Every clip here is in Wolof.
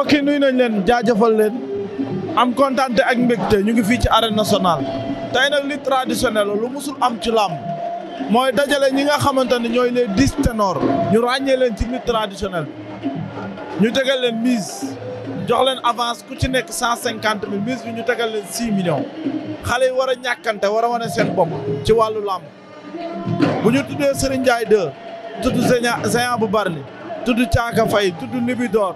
mbokk yi nuyu nañ leen jaajëfal leen am kontaan ak mbégte ñu ngi fii ci arène nationale. tey nag li traditionnel lu musul am ci làmb mooy dajale ñi nga xamante ne ñooy les dix ténors ñu ràññee leen ci lutte traditionnelle ñu tegal leen mise jox leen avance ku ci nekk cent cinquante mille mise bi ñu tegal leen six xale yi war a ñàkkante war a wane seen bopp ci wàllu làmb bu ñu tuddee Serigne Ndiaye 2 tudd Géant bu Barli tudd Caaka Fay tudd Libidor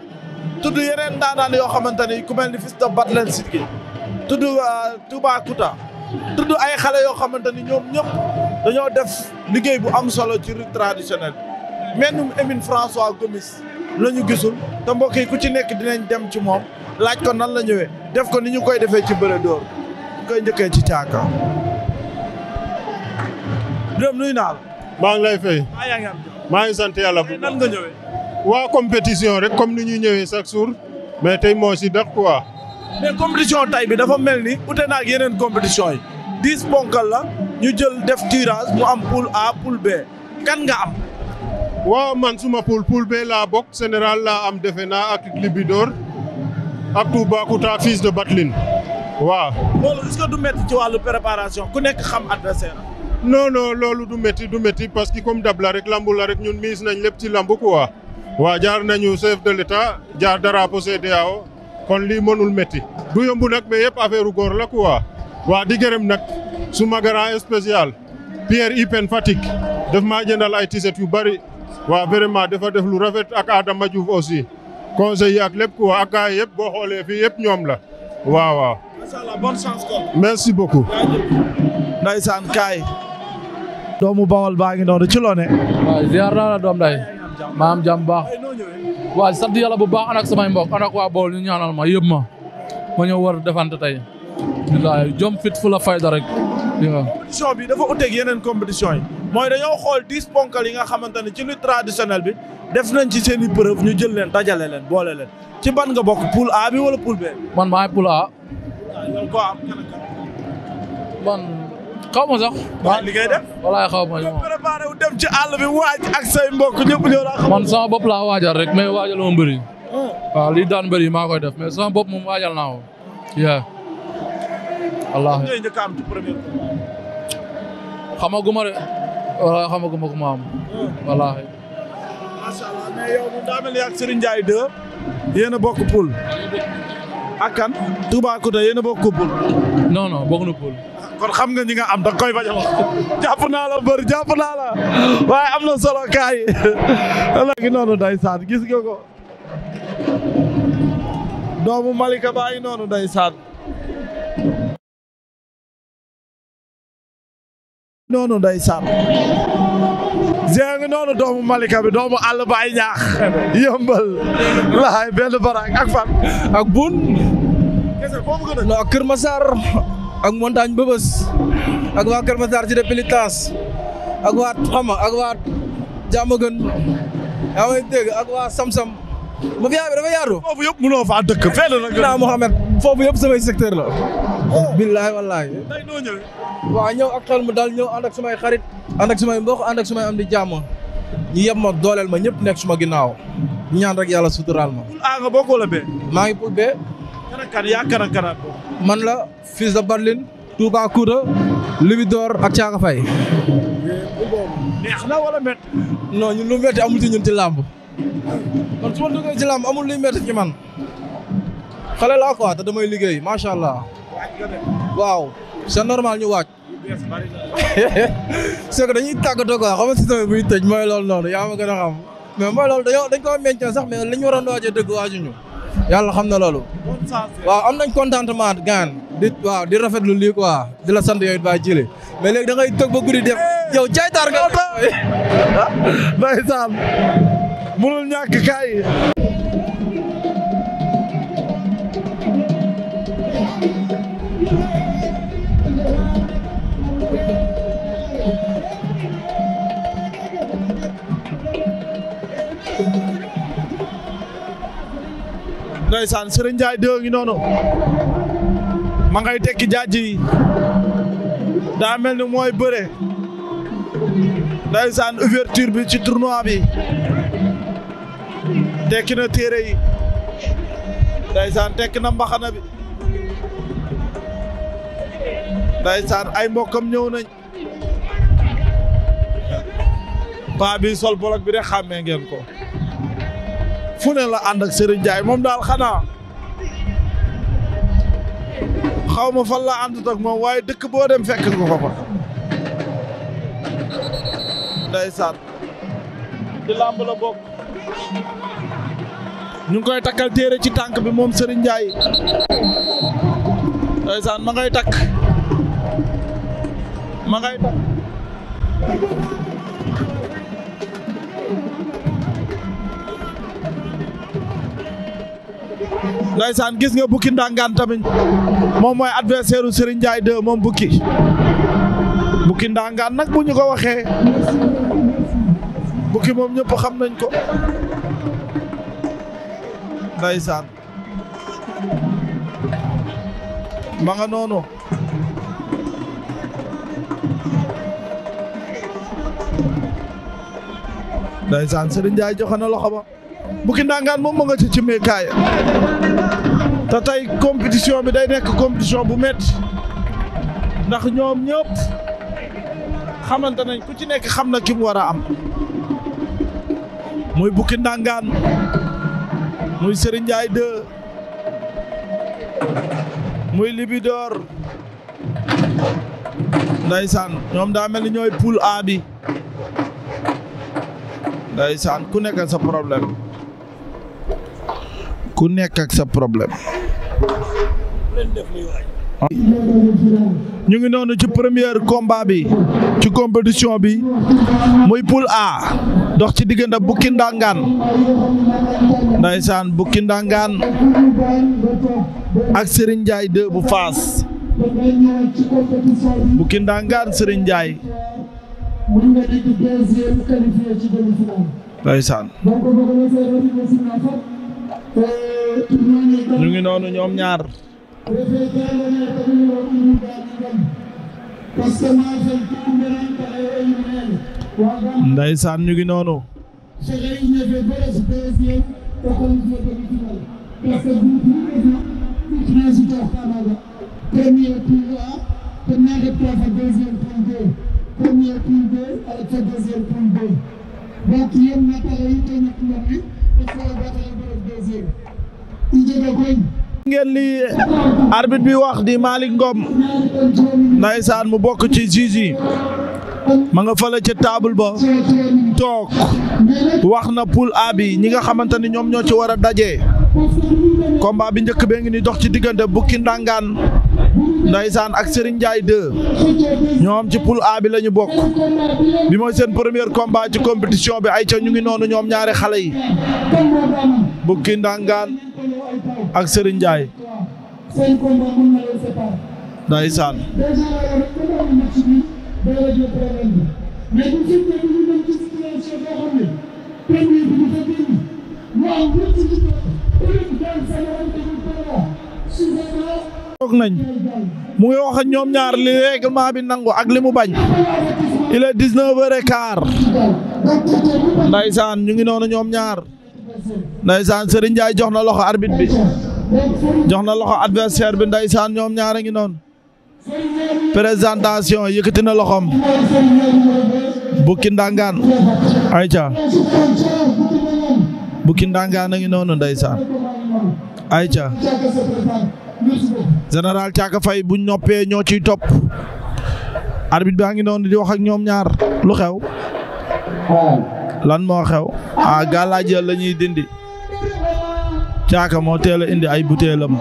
tudd yeneen ndaanaan yoo xamante ni ku mel ni fils de Batlen Sidgi tudd euh, Toubacouta tudd ay xale yoo xamante ni ñoom ñëpp dañoo def liggéey bu am solo ci rite traditionnel mennum Émine François Gomis la ñu gisul te mbokk yi ku ci nekk dinañ dem ci moom laaj ko nan la ñëwee def ko ni ñu koy defee ci bëre dóor koy njëkkee ci caaka Birame naa la ngi lay fay maa ngi sant yàlla nan nga ñëwee waa compétition rek comme ni ñuy ñëwee chaque jour mais tey moo si def quoi. mais compétition tay bi dafa mel ni ute naa ak yeneen compétition yi diis ponkal la ñu jël def tirage mu am poule A poule B kan nga am. waa man suma poule poule B laa bokk général laa am defe naa ak Libidor ak Toubacouta fils de Batlin waaw. loolu est-ce que du métti ci wàllu préparation ku nekk xam adversaire non non loolu du métti du métti parce que comme dab la rek lambu la rek ñun miis nañ lépp ci lambu quoi. waaw jaar nañu chef de l'État jaar dara CEDEAO kon lii mënul metti du yomb nag mais yëpp affaire góor la quoi waa di gërëm nag suma grand spécial Pierre Ipen Fatick daf ma jëndal ay tiset yu bari waa vraiment dafa def lu rafet ak Adama Diouf aussi conseil yi ak lépp quoi ak gars yëpp boo xoolee fii yëpp ñoom la waaw waaw. macha allah bonne chance quoi. merci beaucoup. ndeysaan kaay. doomu baa ngi noonu ci loone. waaw naa la doom day maa am jàmm baax waaw sant yàlla bu baax anak samay mbokk anak waa bool ñu ñaanal ma yëpp ma ma ñëw war defante tey bilaay jom fit fu la fayda rek compétition bi dafa uteeg yeneen compétition yi mooy dañoo xool dix ponkal yi nga xamante ne ci lutte traditionnelle bi def nañ ci seen i ñu jël leen dajale leen boole leen ci ban nga bokk poule A bi wala poule B man maay poule A man xaw ma sax. waaw li def. walaay xaw moom. préparé waajal rek mais waajal ma oh. daan mbëri maa koy def mais sama bopp moom waajal naa ko. yaa Allah. ñooy njëkk ku ma am. Oh. walaay. yow daa mel ni ak Serigne Ndiaye 2 yéen bokk poul. ak kan. Toubacouta yéen a bokk poul. non non bokk kon xam nga ñi nga am da koy bañ a wax. naa la mbër jàpp naa la waaye am na solo kaay léegi noonu ndeysaan gis nga ko. doomu Malika baa ngi noonu ndeysaan. noonu ndeysaan. jeex nga noonu doomu Malika bi doomu àll ba ay ñaax yëmbal laay benn baraak ak fan ak buun no ak Kër ak montagne bëbës ak waa Kër Masar ci ak waa xama ak waa Diamaguène yaa may dégg ak waa Samsam ma fi yaa bi dafa yaatu foofu yëpp mënoo faa dëkk fenn nag naa Mohamed foofu yëpp samay secteur la billaay wallaay. tey noo ñëwee. waaw ñëw ak xel mu dal ñëw ànd ak sumay xarit. ànd ak sumay mbokk ànd ak sumay am di jàmm. ñu yeb ma dooleel ma ñëpp nekk suma ginnaaw. ñaan rek yàlla suturaal ma. poul A nga bokk wala maa ngi poul B. man la Fils de Badlin. Touba Kouta. Libidor ak Thiaka Faye. neex na wala ñun lu métti amul ci ñun ci làmb. man su ma duggee ci làmb amul luy xale laa quoi te damay liggéey macha allah. waaw c'est normal ñu waaj. c'est que dañuy tàggatoo quoi xam nga si tamit bu ñu tëj mooy loolu noonu yaa ma gën a xam mais mooy loolu dañoo dañ koo meññ sax mais li ñu waroon waajee dëgg waajuñu yàlla xam na loolu. waaw am nañ contentement gaan di waaw di rafetlu lii quoi di la sant yooyu it baa jëlee mais da ngay toog ba guddi def yow caytaar nga. ndeysaan mënul ñàkk Ndeysaan Serigne Ndiaye deux noono noonu ngay tekki jaaj yi daa mel ni mooy bëre Ndeysaan ouverture bi ci tournoi bi tekki na téere yi Ndeysaan tekki na mbaxana bi ndeysaan ay mbokkam ñëw nañ paa bi sol bolog bi rek xàmmee ngeen ko fu ne la ànd ak Serigne moom daal xanaa xawma ma fan la moom waaye dëkk boo dem fekk nga ko fa ndeysaan di làmb la bokk ñu ngi koy takkal téere ci tànk bi moom Serigne Ndiaye ma ngay takk ma ngay daw gis nga bukki ndangaan tamit moom mooy adversaire u Serigne moom bukki bukki ndangaan nag bu ñu ko waxee bukki moom ñëpp xam nañ ko Ndeysaan ma ndeysaan Serigne jaay joxe na loxo ba Bouki Ndangaan moom ma nga ci cimee kaay tey compétition bi day nekk compétition bu métti ndax ñoom ñëpp xamante nañ ku ci nekk xam na ki mu war a am muy Bouki Ndangaan muy Serigne Ndiaye 2 muy Libidor ndeysaan ñoom daa mel ni ñooy poule A ndeysaan ku nekk sa problème ku nekk ak sa problème ñu ngi noonu ci premier combat bi ci compétition bi muy poule A dox ci diggante Bukki Ndangaan ndaysaan Bukki Ndangaan ak Serigne Ndiaye bu Faas Bukki Ndangaan Serigne Ndiaye mën nga dégg deuxième qualifié ci demi-finale. ndeysaan. donc boo ko ñu si naan fa. Euh, ñu ngi noonu ñoom ñaar. ñu ngi noonu. première poule li arbitre bi wax di Malick Ngom ndaysaan mu bokk ci juge ma nga fële ca table ba toog wax na poule A bi ñi nga xamante ni ñoom ñoo ci war a daje combat bi njëkk bee ngi ni dox ci diggante Bukki Ndangaan saan ak Serigne Ndiaye 2 ñoom ci poule A bi bokk bi mooy seen premier combat ci compétition bi ay ca ñu ngi noonu ñoom ñaari xale yi bukki ndangaan ak Serigne Ndiaye ndaysaan toog nañ mu ngi ñoom ñaar li règlement bi nangu ak li mu bañ il est dix-neuf heures ñu ngi noonu ñoom ñaar ndaysaan Serigne Ndiaye jox na loxo arbit bi jox na loxo adversaire bi ndaysaan ñoom ñaar a ngi noonu présentation yëkkati na loxoom bukki ndangaan ayca bukki ngi noonu ndaysaan général Thiaka Faye buñ noppee ñoo ciy topp arbitre baa ngi noonu di wax ak ñoom ñaar lu xew lan moo xew ah gàllaajeel la ñuy dindi Thiaka moo teel a indi ay butéelam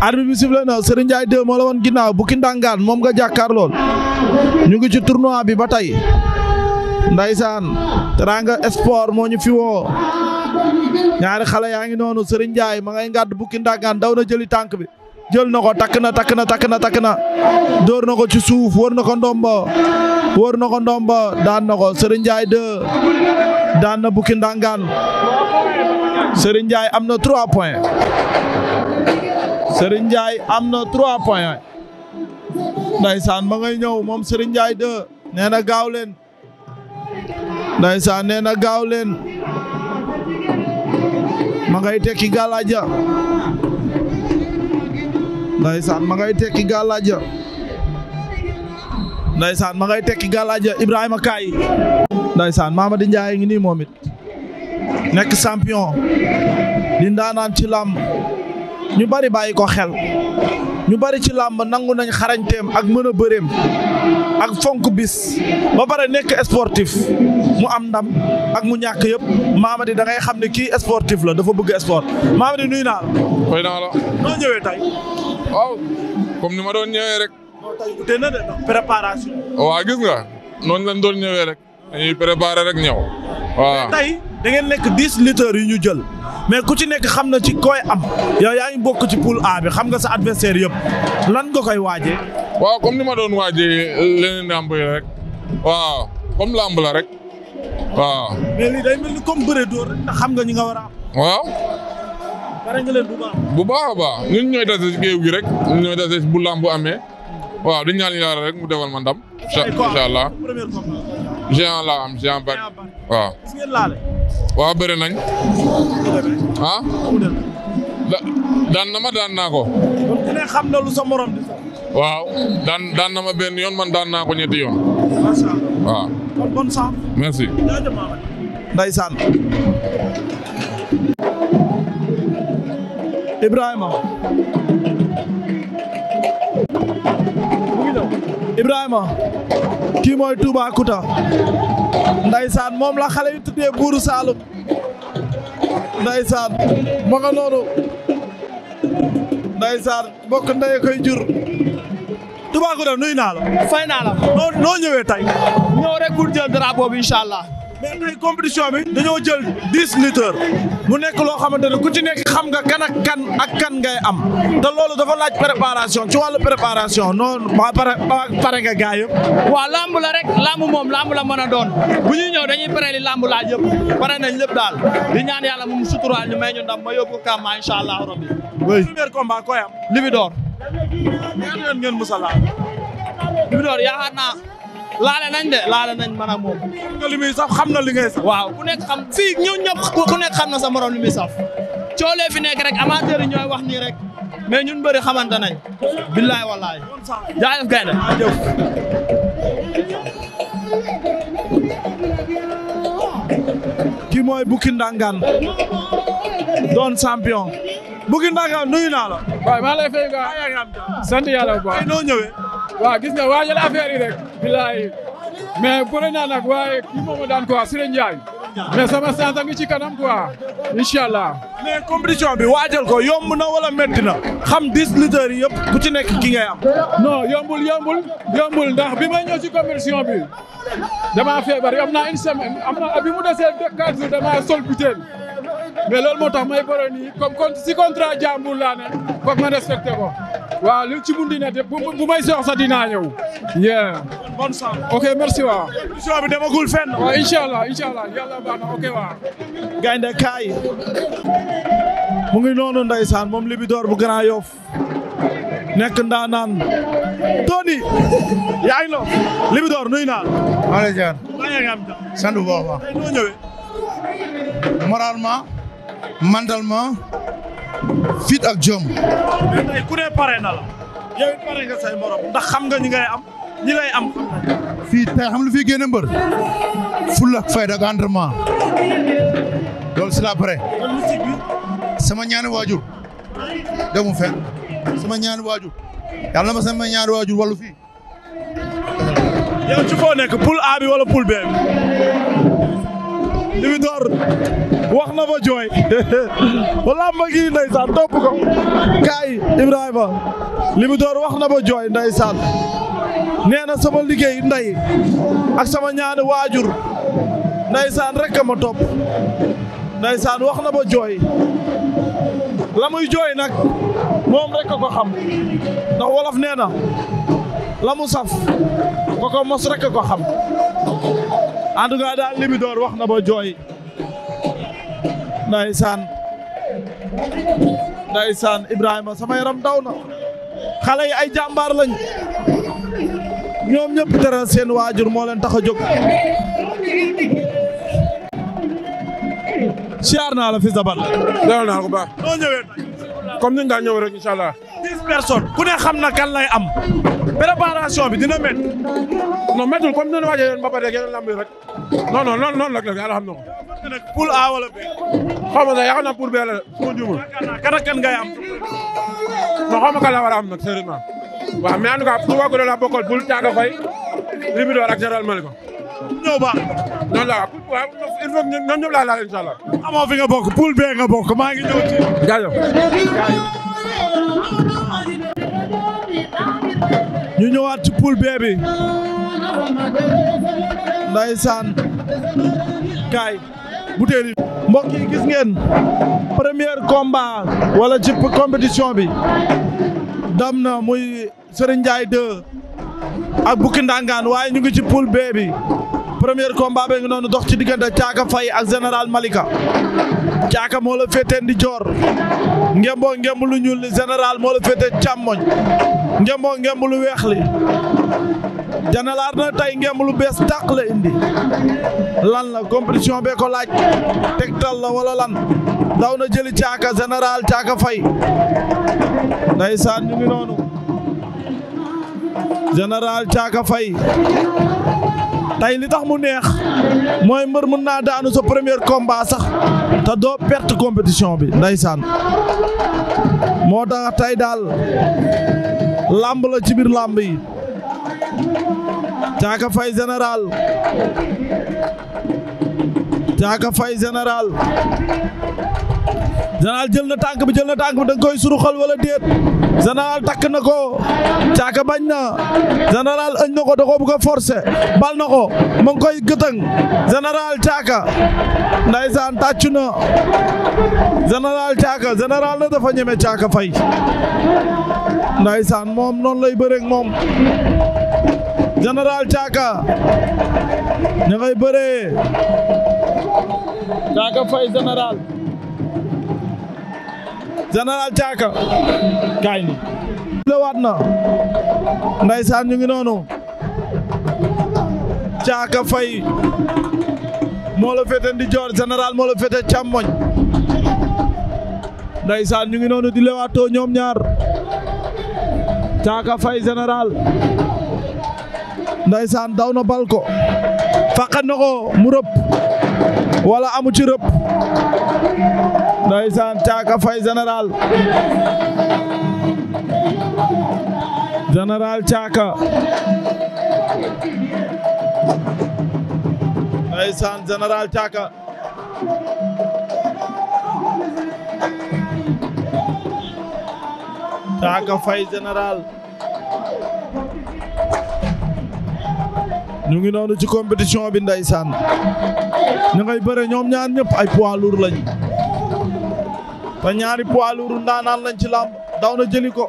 arbitre bi sifflé na Serigne Ndiaye woon ginnaaw Bouki Ndangaan moom nga jàkkaar lool ñu ngi ci tournoi bi ba tey ndaysaan Teranga Sport moo ñu fi woo ñaari xale yaa ngi noonu Serigne Ndiaye ma ngay ngàdd bukki ndàngaan jëli tànk bi jël na ko takk na takk na takk na takk na dóor na ko ci suuf wër na ko ndomba wër na ko ndomba daan na ko Serigne Ndiaye 2 daan na bukki ndàngaan am na 3 points Serigne Ndiaye am na 3 points ndaysaan ma ngay moom Serigne Ndiaye na gaaw ma ngay tekki gàllaaj ndaysaan ma ngay tekki gàllaaj ndaysaan ma ngay tekki gàllaaj Ibrahima Kaay ndaysaan Mamadi ngi nii moomit nekk sampiyon di ndaanaan ci làmb ñu bari bàyyi ko xel ñu bari ci làmb nangu nañ xarañteem ak mën a bëreem ak fonk bis ba pare nekk sportif mu am ndam ak mu ñàkk yëpp Mamady da ngay xam ne kii sportif la dafa bëgg sport Mamady nuyu naa la. koy naa la. ñëwee tey. waaw comme ni ma doon ñëwee rek. moo gis nga noonu lañ doon ñëwee rek. dañuy préparé rek ñëw waaw. tey da nekk dix lutteurs yu ñu jël mais ku ci nekk xam na ci koy am yow yaa ngi bokk ci poule A xam nga sa adversaire yëpp lan nga koy waajee. waaw comme ni ma doon waaje leneen làmb rek waaw comme làmb la rek waaw. mais lii day mel ni comme bëre xam nga ñi nga war a waaw. pare nga leen bu baax. bu baax ñooy tase ci géew gi rek ñun ñooy tase bu làmb amee. waaw di ñaan yàlla rek mu defal ma ndam. incha allah géant laa am géant bari waaw. waaw nañ. ah. daan na ma daan naa ko. xam waaw daan daan na ma benn yoon man daan naa ko ñetti yoon. waaw. merci. Ibrahima kii mooy Toubacouta ndaysaan moom la xale yu tuddee buuru Saalum ndaysaan ma nga noonu ndaysaan mbokk ndey koy jur Toubacouta nuyu naa la fay naa noo ñëwee tey ñëw rek pour jël drapeau bi incha allah mais tey compétition bi dañoo jël dix lutteurs mu nekk loo xamante ne ku ci nekk xam nga kan ak kan ak kan ngay am da loolu dafa laaj préparation ci wàllu préparation noonu pare pare nga gaa yëpp. waaw lamb la rek lamb moom lamb la mën a doon bu ñuy ñëw dañuy pare li lamb laaj yëpp pare nañ lépp daal di ñaan yàlla moom suturaal ñu may ñu ndam ma yóbbu kàmmaa incha allah rabbi. oui premier combat koy am. Libidor. ñaata laale nañ de laale nañ man ak moom. nga muy saf xam na li ngay waaw ku nekk xam fii ñëw ñëpp nekk xam na sa morom li muy saf coolee fi nekk rek amateur yi ñooy wax nii rek mais ñun bëri xamante nañ. billaay wallaay. jaajëf gaynde jaajëf. kii mooy Bouki Ndangaan doon champion. Bouki Ndangaan nuyu naa la. waaw maa lay fay yàlla bu baax. noo ñëwee. waaw gis nga waajal affaire yi rek bilaay mais bëri naa nag waaye kii moomu daan quoi Siré Ndiaye mais sama sant a ci kanam quoi incha allah. mais compétition bi waajal ko yombu na wala métti na xam dix lutteurs yi yëpp ku ci nekk ki ngay am. non yombul yombul yombul ndax bi may ñëw ci compétition bi damaa feebar am na une am na bi mu desee quatre jours damaa sol butéel mais loolu moo tax may bëre nii comme kon si contrat jàmbur laa ne foog ma respecté ko waaw ci mun dina def bu may sox sa dinaa ñëw. yeah. bonne chance. ok merci waaw. émission bi demagul fenn. waaw incha allah incha allah yàlla ok waaw. gaynde kaay mu ngi noonu ndeysaan moom Libidor bu Grand Yoff nekk ndaanaan Tony yaa ngi noo Libidor nuyu naa la. a mentalement fit ak jom. mais tey nga xam nga ñi ngay am ñi am. fii tey xam lu fi génne mbër fulla ak fayda ak entraînement loolu c'est après sama ñaani waajur mu fen sama ñaani waajur yàlla ma sama ñaani waajur wàllu fi yow ci foo nekk poule A bi wala poule Libi wax na ba jooy làmb gi ndeysaan topp ko kaay Ibrahima Libi wax na ba jooy ndeysaan nee na sama liggéey nday ak sama ñaani waajur ndeysaan rek a ma topp ndeysaan wax na ba jooy la muy jooy nag moom rek ko xam ndax wolof nee na la mu saf ko ko mos rek ko xam en tout cas daal Libidor wax na ba jooy ndeysaan ndeysaan Ibrahima sama yaram daw na xale yi ay jàmbaar lañ ñoom ñëpp teral seen waajur moo leen tax a jóg siyaar naa la Fils de Balla. dalal naa ko baax noo ñëwee comme ni nga ñëw rek incha allah. dix ku ne xam na kan lay am. préparation bi dina métti. non méttiwul comme ni ñu waajee yoon ba pare rek yeneen lamb yi rek. non non noonu noonu rek la yàlla xam na ko. poule A wala B. xaw ma sax yaakaar naa poule B la su ma juumul. kan ak kan ngay am. non xaw ma kan a am nag sérieusement. waaw mais en tout cas su ma gënoon a bokkal bul tàggat fay. li mu door ak général ñëw ba. noonu laa waaw il faut fi nga bokk poul bee nga bokk maa ngi ñëw ci. ñu ñëwaat ci poul bee bi. ndeysaan. kaay. butéeli mbokk yi gis premier combat. wala ci compétition bi. muy Serigne Ndiaye ak bukki ndangaan waaye ñu ngi ci poule B bi premier combat bi ngi noonu dox ci diggante Caaka Faye ak général Malika Caaka moo la féete ndijoor ngemboo ngemb lu ñuul li général moo la féete càmmoñ ngemboo ngemb lu weex li janalaar na tey ngemb lu bees tàq la indi lan la compétition bee ko laaj tegtal la wala lan daw na jëli Caaka général Caaka Faye ndeysaan ñu ngi noonu général Thiaka fay tey li tax mu neex mooy mbër mën naa daanu sa premier komba sax te doo perte compétition bi ndeysaan moo tax tey daal làmb la ci biir làmb yi Thiaka fay général Caaka Faye général général jël na tànk bi jël na tànk bi da nga koy suruxal wala déet général takk na ko caaka bañ na général ëñ na ko da ko bëgg a bal na ko mu ngi koy gëtëng général caaka ndaysaan tàccu na général caaka général na dafa ñeme caaka fay ndaysaan moom noonu lay bëre ak moom général caaka ña ngay Caaka Faye général général Caaka kaay ni lewaat na ndeysaan ñu ngi noonu Caaka Faye moo la féete ndijoor général moo la féete càmmoñ ndeysaan ñu ngi noonu di lewaatoo ñoom ñaar Caaka Faye général ndeysaan daw na bal ko ko mu rëpp wala amu ci rëpp ndeysaan Caaka Fay général général Caaka général Caaka Fay général ñu ngi noonu ci compétition bi ndeysaan ñu ngay bëre ñoom ñaar ñëpp ay poids lañ te ñaari poids lourd ndaanaan lañ ci làmb daw na jëli ko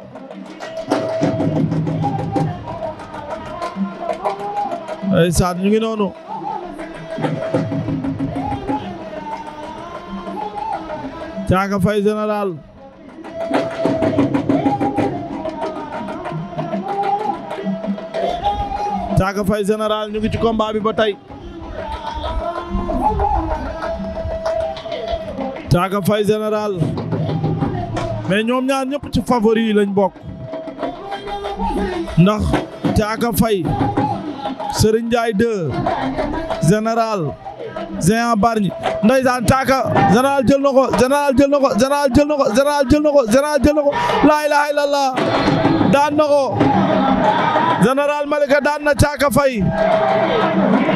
ay saat ñu ngi noonu Caaka Fay général Caaka Fay général ñu ngi ci combat ba tey Caaka Faye général mais ñoom ñaar ñëpp ci favori yi lañ bokk ndax Caaka Faye Serigne Ndiaye 2 général Géant Bargny ndeysaan Caaka général jël na jël na ko jël na laa ilaaha illallah daan na ko général daan na Caaka Faye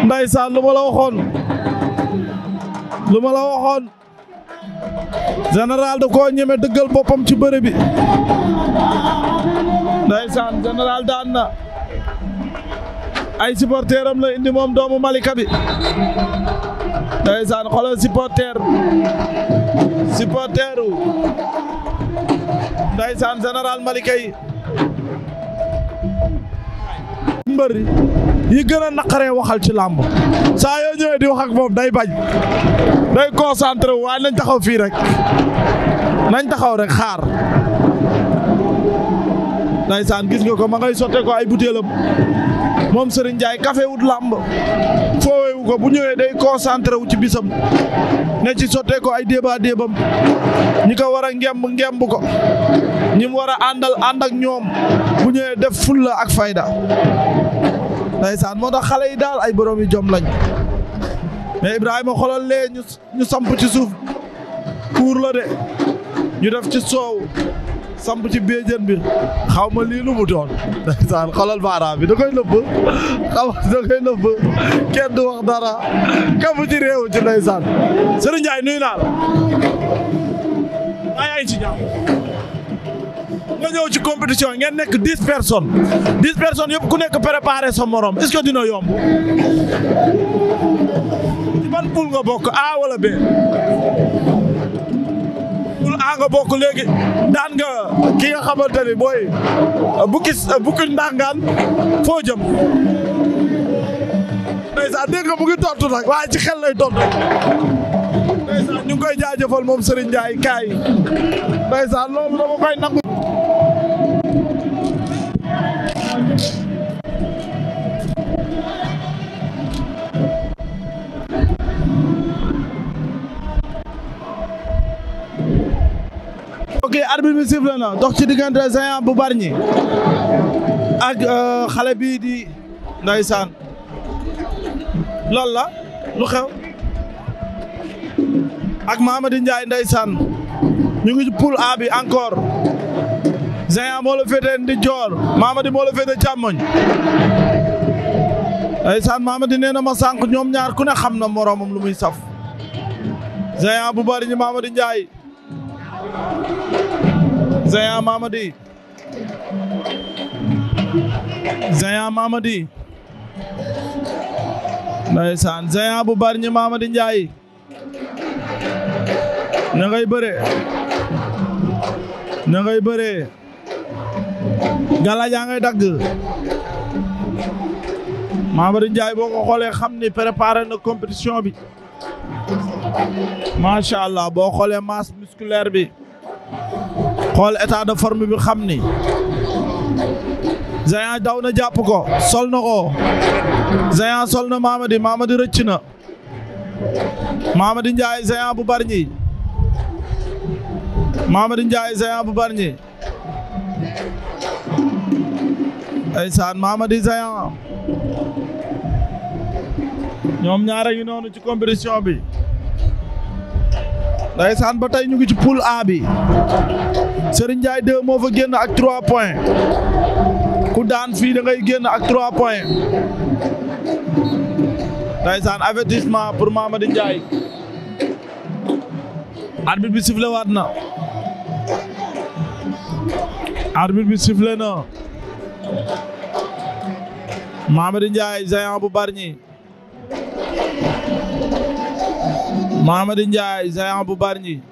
ndeysaan lu ma la waxoon lu ma général da koo ñeme dëggal boppam ci bëre bi ndaysaan général daan na ay supporter la indi moom doomu Malika bi ndaysaan xoolal supporter supporteru ndaysaan général Malika yi mbëri yi gën a naqaree waxal ci làmb saa yoo ñëwee di wax ak moom day bañ day concentré wu waaye nañ taxaw fii rek nañ taxaw rek xaar ndaysaan gis nga ko ma ngay sotte ko ay butéelam moom Serigne Ndiaye café làmb foowewu ko bu ñëwee day concentré wu ci bisam ne ci sotte ko ay déeba déebam ñi ko war a ngemb ngemb ko ñi mu war a àndal ànd ak ñoom bu ñëwee def fulla ak fayda ndeysaan moo tax xale yi daal ay borom yu jom lañ mais Ibrahima xoolal lee ñu ñu samp ci suuf kuur la de ñu def ci soow samp ci béjjën bi xaw ma lii lu mu doon ndeysaan xoolal baaraam bi da koy nëbb xaw da koy nëbb kenn du dara kamu ci réew ci ndeysaan Serigne Ndiaye nuyu naa la yaa ngi ci jàmm nga ñëw ci compétition ngeen nekk diis personnes dix personnes yëpp ku nekk préparé sa morom est-ce dina yomb. ci ban nga bokk A wala B. poule A nga bokk léegi daan nga ki nga xamante ni booy bukki bukki ndàngaan foo jëm. ndeysaan nga mu ngi tontu nag xel lay tontu. ndeysaan ñu ngi koy jaajëfal moom Serigne Ndiaye kaay ndeysaan loolu dama koy nangu ok arbitre bi sifflé dox ci diggante Géant bu Bargny ak euh, xale bii di ndeysaan loolu la lu xew ak Mamadou Ndiaye ndeysaan ñu ngi poule A bi encore Géant moo la féetee ndi joor Mamadou moo la féetee càmmoñ ndeysaan Mamadou nee na ma sànq ñoom ñaar ku ne xam na moroomam lu saf Géant bu bari ñi Mamadou Ndiaye Géant Mamadou Géant Mamadou ndeysaan Géant bu bari ñi Mamadou Ndiaye ña ngay bëre ña ngay bëre gala jaa ngay dagg Mamadou Ndiaye boo ko xoolee xam ni préparé na compétition bi macha allah boo xoolee masse musculaire bi xool état de forme bi xam ni Zayan daw na jàpp ko sol na ko Zayan sol na Mamadi Mamadi rëcc na Mamadou Ndiaye géant bu Bargny di Ndiaye géant bu Bargny ndeysaan Mamadou géant ñoom ñaar a ngi noonu ci compétition bi ndeysaan ba tey ñu ngi ci poule A bi Serigne Ndiaye 2 moo fa génn ak trois points ku daan fii da ngay génn ak 3 points ndeysaan avertissement pour ma Ndiaye arbitre bi sifflé waat na arbitre bi sifflé na Mamady Ndiaye Géant bu Bargny Mamady Ndiaye Géant bu Bargny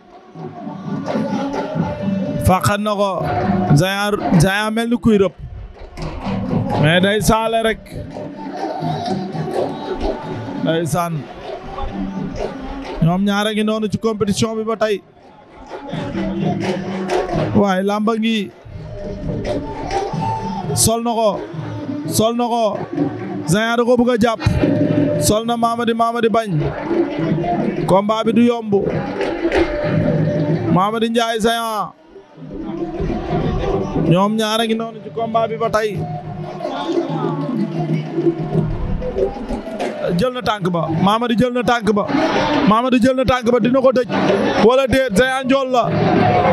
faqat na ko Géant Géant mel ni kuy rëb mais day saale rek ndeysaan ñoom ñaara ngi noonu ci compétition bi ba tay waaye lamba ngi sol na sol na ko Géant da ko bëgg a jàpp sol na Mamadi Mamadi bañ combat bi du yomb Mamadi Ndiaye Géant ñoom ñaara ngi noonu ci combat bi ba tey jël na tànk ba Mamady jël na tànk ba Mamady jël na tànk ba dina ko dëj wala déet Géant Njool la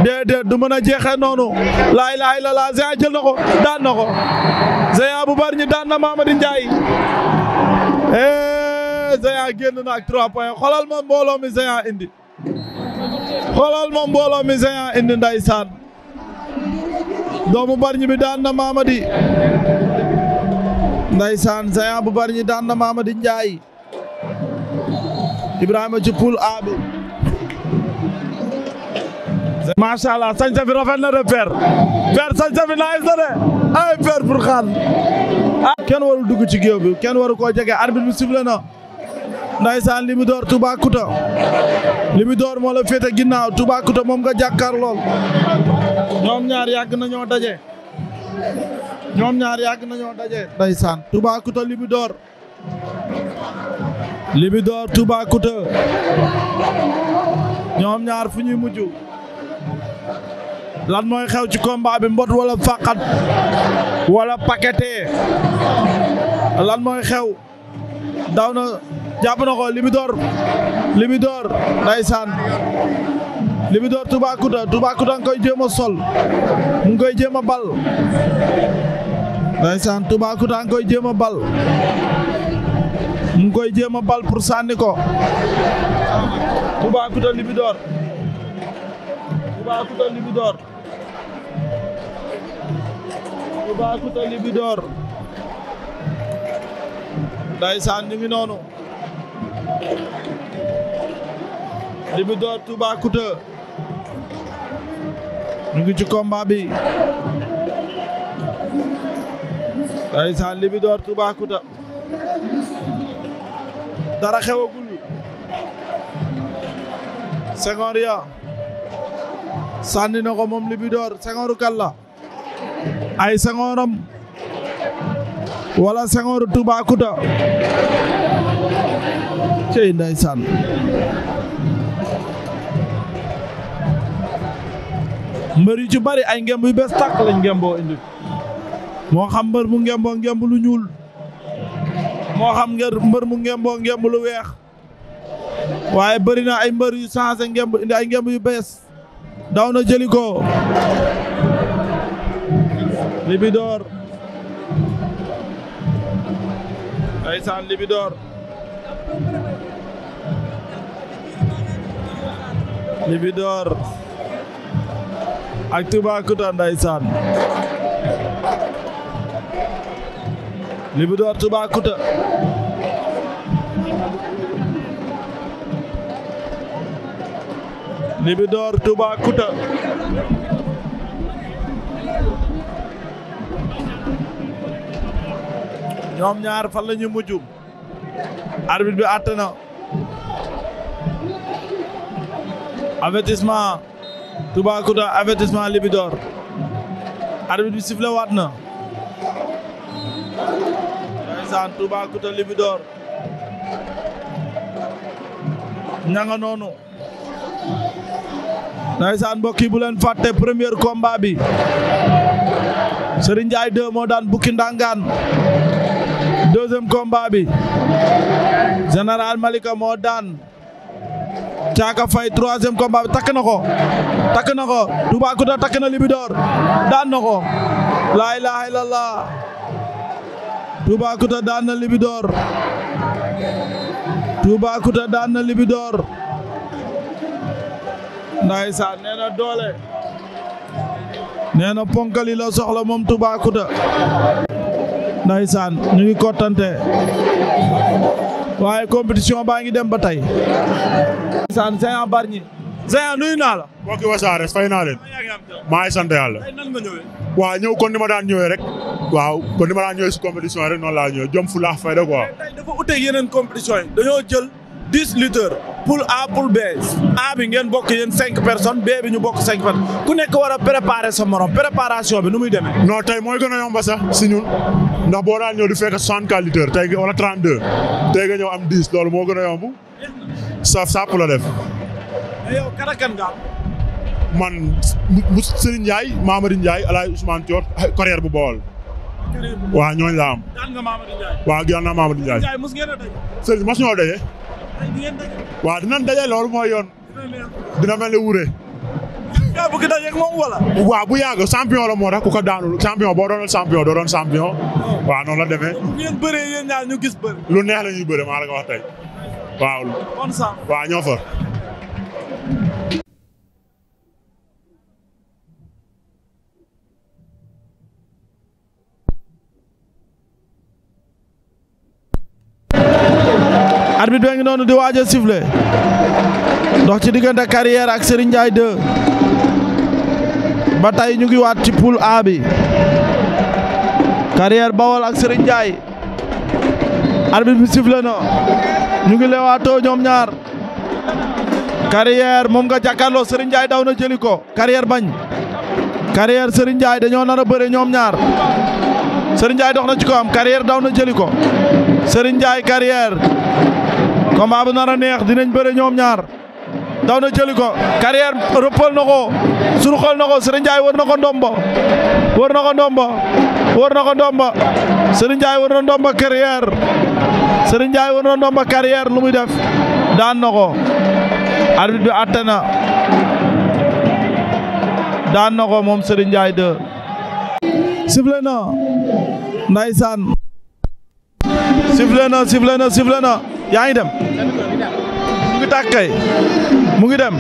déedéet du mën a jeexee noonu laay laay la laa Géant jël na ko daan na ko Géant bu bari ñi daan na Mamady Ndiaye eh Géant génn na ak 3 points xoolal ma mbooloo mi Géant indi xoolal ma mbooloo mi Géant indi ndeysaan doomu bari ñi bi daan na Mamady ndaysaan Géant bu Bargny daan na Mamady Ndiaye Ibrahima ci poule A bi macha allah sañ sa bi na de père père sañ sa de ay père pour xaan kenn warul dugg ci géew bi kenn waru koo jege arbitre bi sifflé na ndaysaan Libidor Toubacouta Libidor moo la féete ginnaaw Toubacouta moom nga jàkkaar lool ñoom ñaar yàgg na ñoo daje ñoom ñaar yàgg nañoo daje. ndeysaan Toubacouta Libidor. Libidor Toubacouta. ñoom ñaar fu ñuy mujj. lan mooy xew ci combat bi mbot wala faqat wala paqueté lan mooy xew daw jàpp na ko Libidor Libidor ndeysaan Libidor Toubacouta Toubacouta nga koy jéem a sol mu ngi koy jéem a bal ndeysaan Toubacouta nga koy jéem a bal mu ngi koy jéem a bal pour sànni ko Toubacouta Libidor Toubacouta Libidor Toubacouta Libidor ndeysaan ngi noonu Libidor Toubacouta ñu ngi ci combat bi ndeysaan Libidor Toubacouta dara xewagul Senghor ya sànni na ko moom Libidor Senghor kalla ay Senghoram wala Senghoru Toubacouta cey mbër yu ci bari ay ngemb yu bees tàkk lañ ngemboo indi moo xam mbër mu ngemboo ngemb lu ñuul moo xam ngër mbër mu ngemboo ngemb lu weex waaye bëri na ay mbër yu changé ngemb indi ay ngemb yu bees daw na jëli ko libidoor ndeysaan libidoor Libidor ak Toubacouta ndeysaan Libidor Toubacouta Libidor Toubacouta ñoom ñaar fan la ñu mujj arbitre bi àtte na avertissement Toubacouta avertissement Libidor arbitre bi sifflé waat na ndeysaan noonu ndeysaan mbokk yi bu leen fàtte premier combat bi Serigne Ndiaye 2 moo daan bukki ndangaan deuxième combat bi général Malika moo daan Caaka Faye troisième combat bi takk na ko takk na takk na Libidor daan na ko laa ilaaha illallah Toubacouta daan na Libidor Toubacouta daan na Libidor ndaysaan nee na doole nee na ponkali la soxla moom Toubacouta ndaysaan ñu ngi kottante waaye compétition baa ngi dem ba tey. saan Géant Bargny. Géant nuyu naa la. mbokki wasaare fay naa leen. maa ngi sant yàlla. waaw ñëw kon ni ma daan ñëwee rek. waaw kon ni ma daan ñëwee si compétition rek noo laa ñëwee jom fu laax fayda quoi. dafa uteeg yeneen compétition yi dañoo jël dix lutteurs. poule A poule B A bi ngeen bokk yéen cinq personnes B bi ñu bokk cinq personnes ku nekk war a préparer morom préparation bi nu muy deme non tey mooy gën a yomba sax si ñun ndax boo daan ñëw di fekk soixante quatre litres wala trente deux tey nga ñëw am dix loolu moo gën a yomb saaf saap la def. mais yow kan ak kan man Serigne Ndiaye Mamadou Ndiaye El Hadj Ousmane Thior carrière bu Bawol. waaw ñooñu laa am. daan nga naa Mamadou Ndiaye. Ndiaye mos a daje. ñoo daje. waaw dinañ daje loolu mooy yoon. dina mel ni wuure. yaa bëgg daje wala. waaw bu yàgg champion la moo tax ku ko daanul champion boo doonoon champion doo doon champion. waaw noonu la gis bëri. lu neex la ñuy bëri maa la tey waaw. bon arbitre bi noonu di waaj a sifflé dox ci diggante carrière ak Serigne Ndiaye 2 ba tey ñu ngi waat ci poule A bi carrière Bawol ak Serigne Ndiaye arbitre bi sifflé na ñu ngi leewaatoo ñoom ñaar carrière moom nga jàkkaarloo Serigne daw na jëli ko carrière bañ carrière Serigne Ndiaye dañoo nar a ñoom ñaar Serigne Ndiaye dox na ci ko am carrière daw na jëli ko Serigne Ndiaye combat bu nar neex dinañ bëre ñoom ñaar daw na jëli ko carrière rëppal na ko surxal na ko Serigne Ndiaye war na ko ndomba war na ko ndomba war na ko na ndomba carrière Serigne Ndiaye war na ndomba carrière lu def daan na ko arbitre bi atte daan na ko moom Serigne Ndiaye 2 sifle na sifle na sifle na sifle yaa ngi dem mu ngi tàkk mu gi dem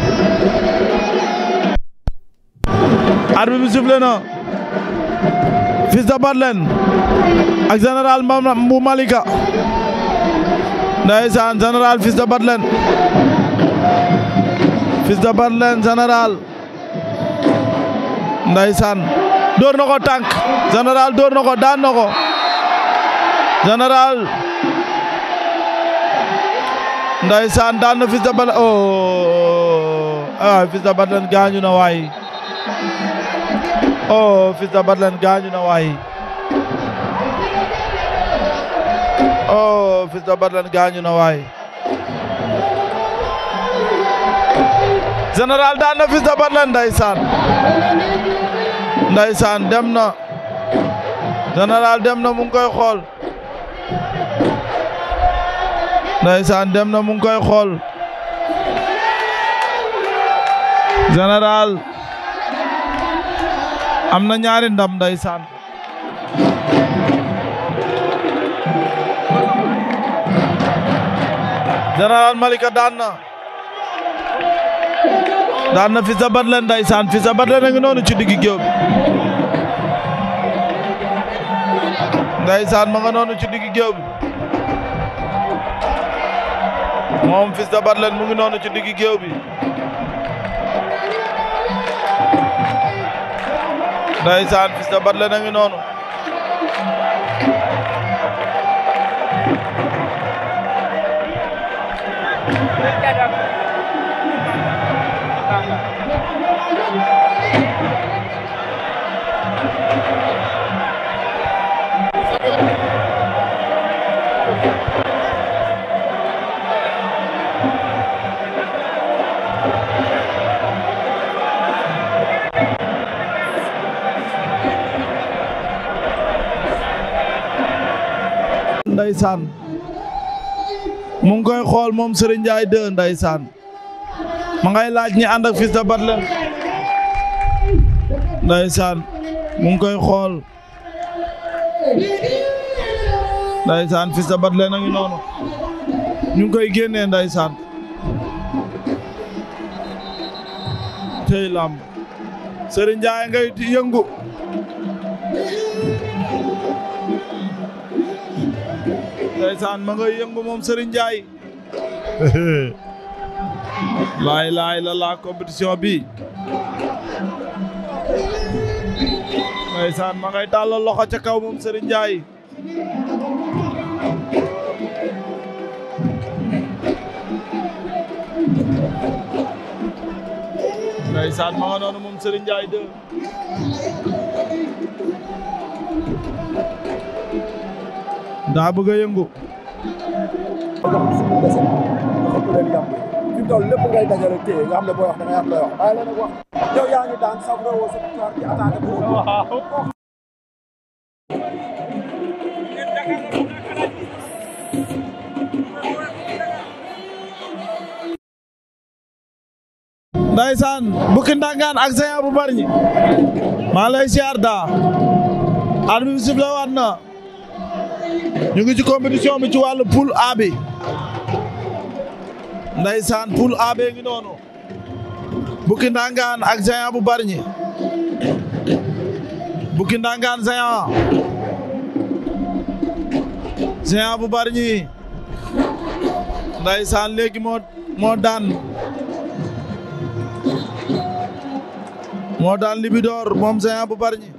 arbitre bi sifle na Fils de Batlen ak général bu Malika ndeysaan général Fils de Batlen Fils de Batlen général door na ko tànk door na daan na général ndaysaan daan na Fils de Balla oh ah gaañu na way oh Fils de Balla gaañu na waay oh Fils de gaañu na waay oh, général daan na Fils de Balla ndaysaan ndaysaan dem na général dem na mu ngi koy xool ndeysaan dem na mu ngi koy xool général am na ñaari ndam ndeysaan général Malika daan na daan na Fils de Batlene ndeysaan Fils de Batlene a ngi noonu ci diggi géew bi Ndeysaan ma nga noonu ci digg géew bi moom Fils de Batléne mu ngi noonu ci digg géew bi Ndeysaan Fils de Batléne a ngi noonu ndeysaan mu ngi koy xool moom Serigne Ndiaye 2 ndeysaan ma ngay laaj ñi ànd ak Fils de Batlem ndeysaan mu ngi koy xool ndeysaan saan de Batlem a ngi noonu ñu ngi koy génnee ndeysaan tey lamb Serigne Ndiaye ngay yëngu ndeysaan ma ngay yëngu moom Serigne Ndiaye laay laay la la compétition bi ndeysaan ma ngay tàllal loxo ca kaw moom Serigne Ndiaye ndeysaan ma nga noonu moom Serigne Ndiaye de daa bëgg a yëngu. fi mu toll lépp ngay dajale téye nga xam ne booy wax da ngay am looy wax waaye la nag wax yow yaa ngi daan sax woo sa victoire ci attaque bi Ndaysaan bukki ndangaan ak Géant bu Bargny maa lay siyaar daa arbitre bi sifle waat na ñu ngi ci compétition bi ci wàllu poule A bi ndaysaan poule A bee ngi noonu Bouki Ndangaan ak Géant bu Bargny bukki Ndangaan Géant Géant bu Bargny ndaysaan léegi moo moo daan moo daan Libidor moom Géant bu Bargny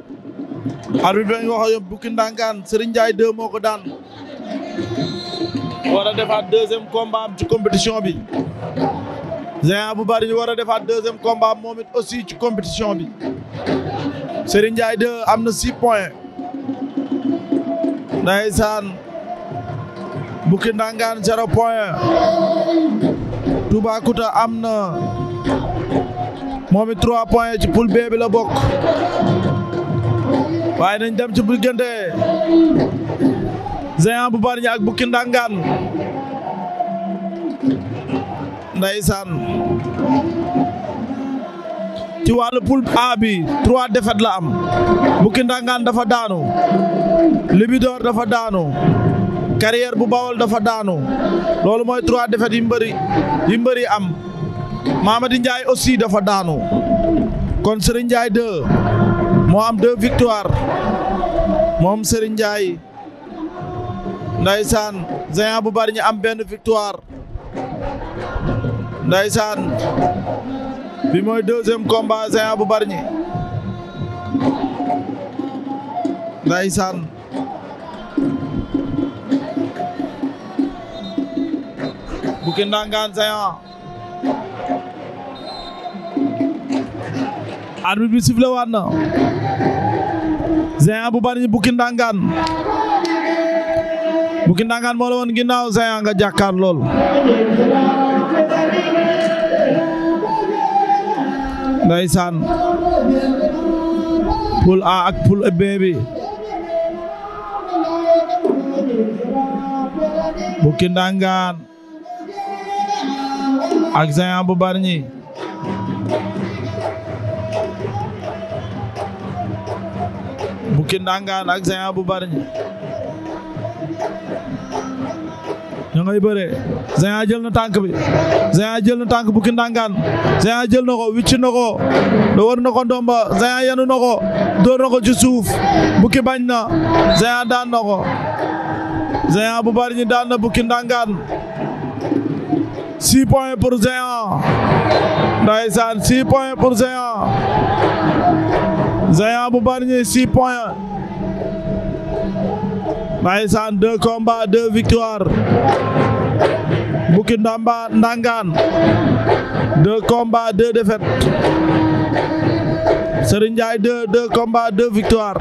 arbitre bi ngi wax ak bukki ndangaan Serigne moo ko daan war a defaat deuxième combat am ci compétition bi Géant bu bari war a defaat deuxième combat am aussi ci compétition bi Serigne Ndiaye 2 am na six points ndaysaan bukki ndangaan zéro point Toubacouta am na moom it trois points ci poule B bi la bokk waaye nañ dem ci diggante Géant bu Bargny ak Bukki Ndangaan ndeysaan ci wàllu poule A bi trois défaites la am Bukki Ndangaan dafa daanu Libidor dafa daanu carrière bu Bawol dafa daanu loolu mooy trois défaites yi mbëri yi mbëri am Mamadi Ndiaye aussi dafa daanu kon Serigne Ndiaye moo am deux victoires moom Serigne Ndiaye ndaysaan Géant bu bari ñu am benn victoire ndaysaan bi mooy deuxième combat Géant bu bari ñi ndaysaan Bouki Ndangaan Géant arbitre bi sifflé waat na Géant bu Bargny Bouki Ndangaan Bouki Ndangaan moo la woon ginnaaw Géant nga jàkkaar lool ndeysaan poule A ak poule B bi Bouki ak Géant bu Bargny Bukki Ndangaan ak Géant bu Bargny ña ngay bëree jël na tànk bi Géant jël na tànk Bukki Ndangaan Géant jël na ko wicci na ko do na ko ndomba ci suuf Bukki bañ na Géant daan na ko Géant bu Bargny daan na Bukki Ndangaan six points pour Géant ndeysaan six points pour Géant Géant bu Bargny six points ndeysaan deux combats deux victoires Bouki Ndamba Ndangaan deux combats deux défaites Serigne Ndiaye deux deux combats deux victoires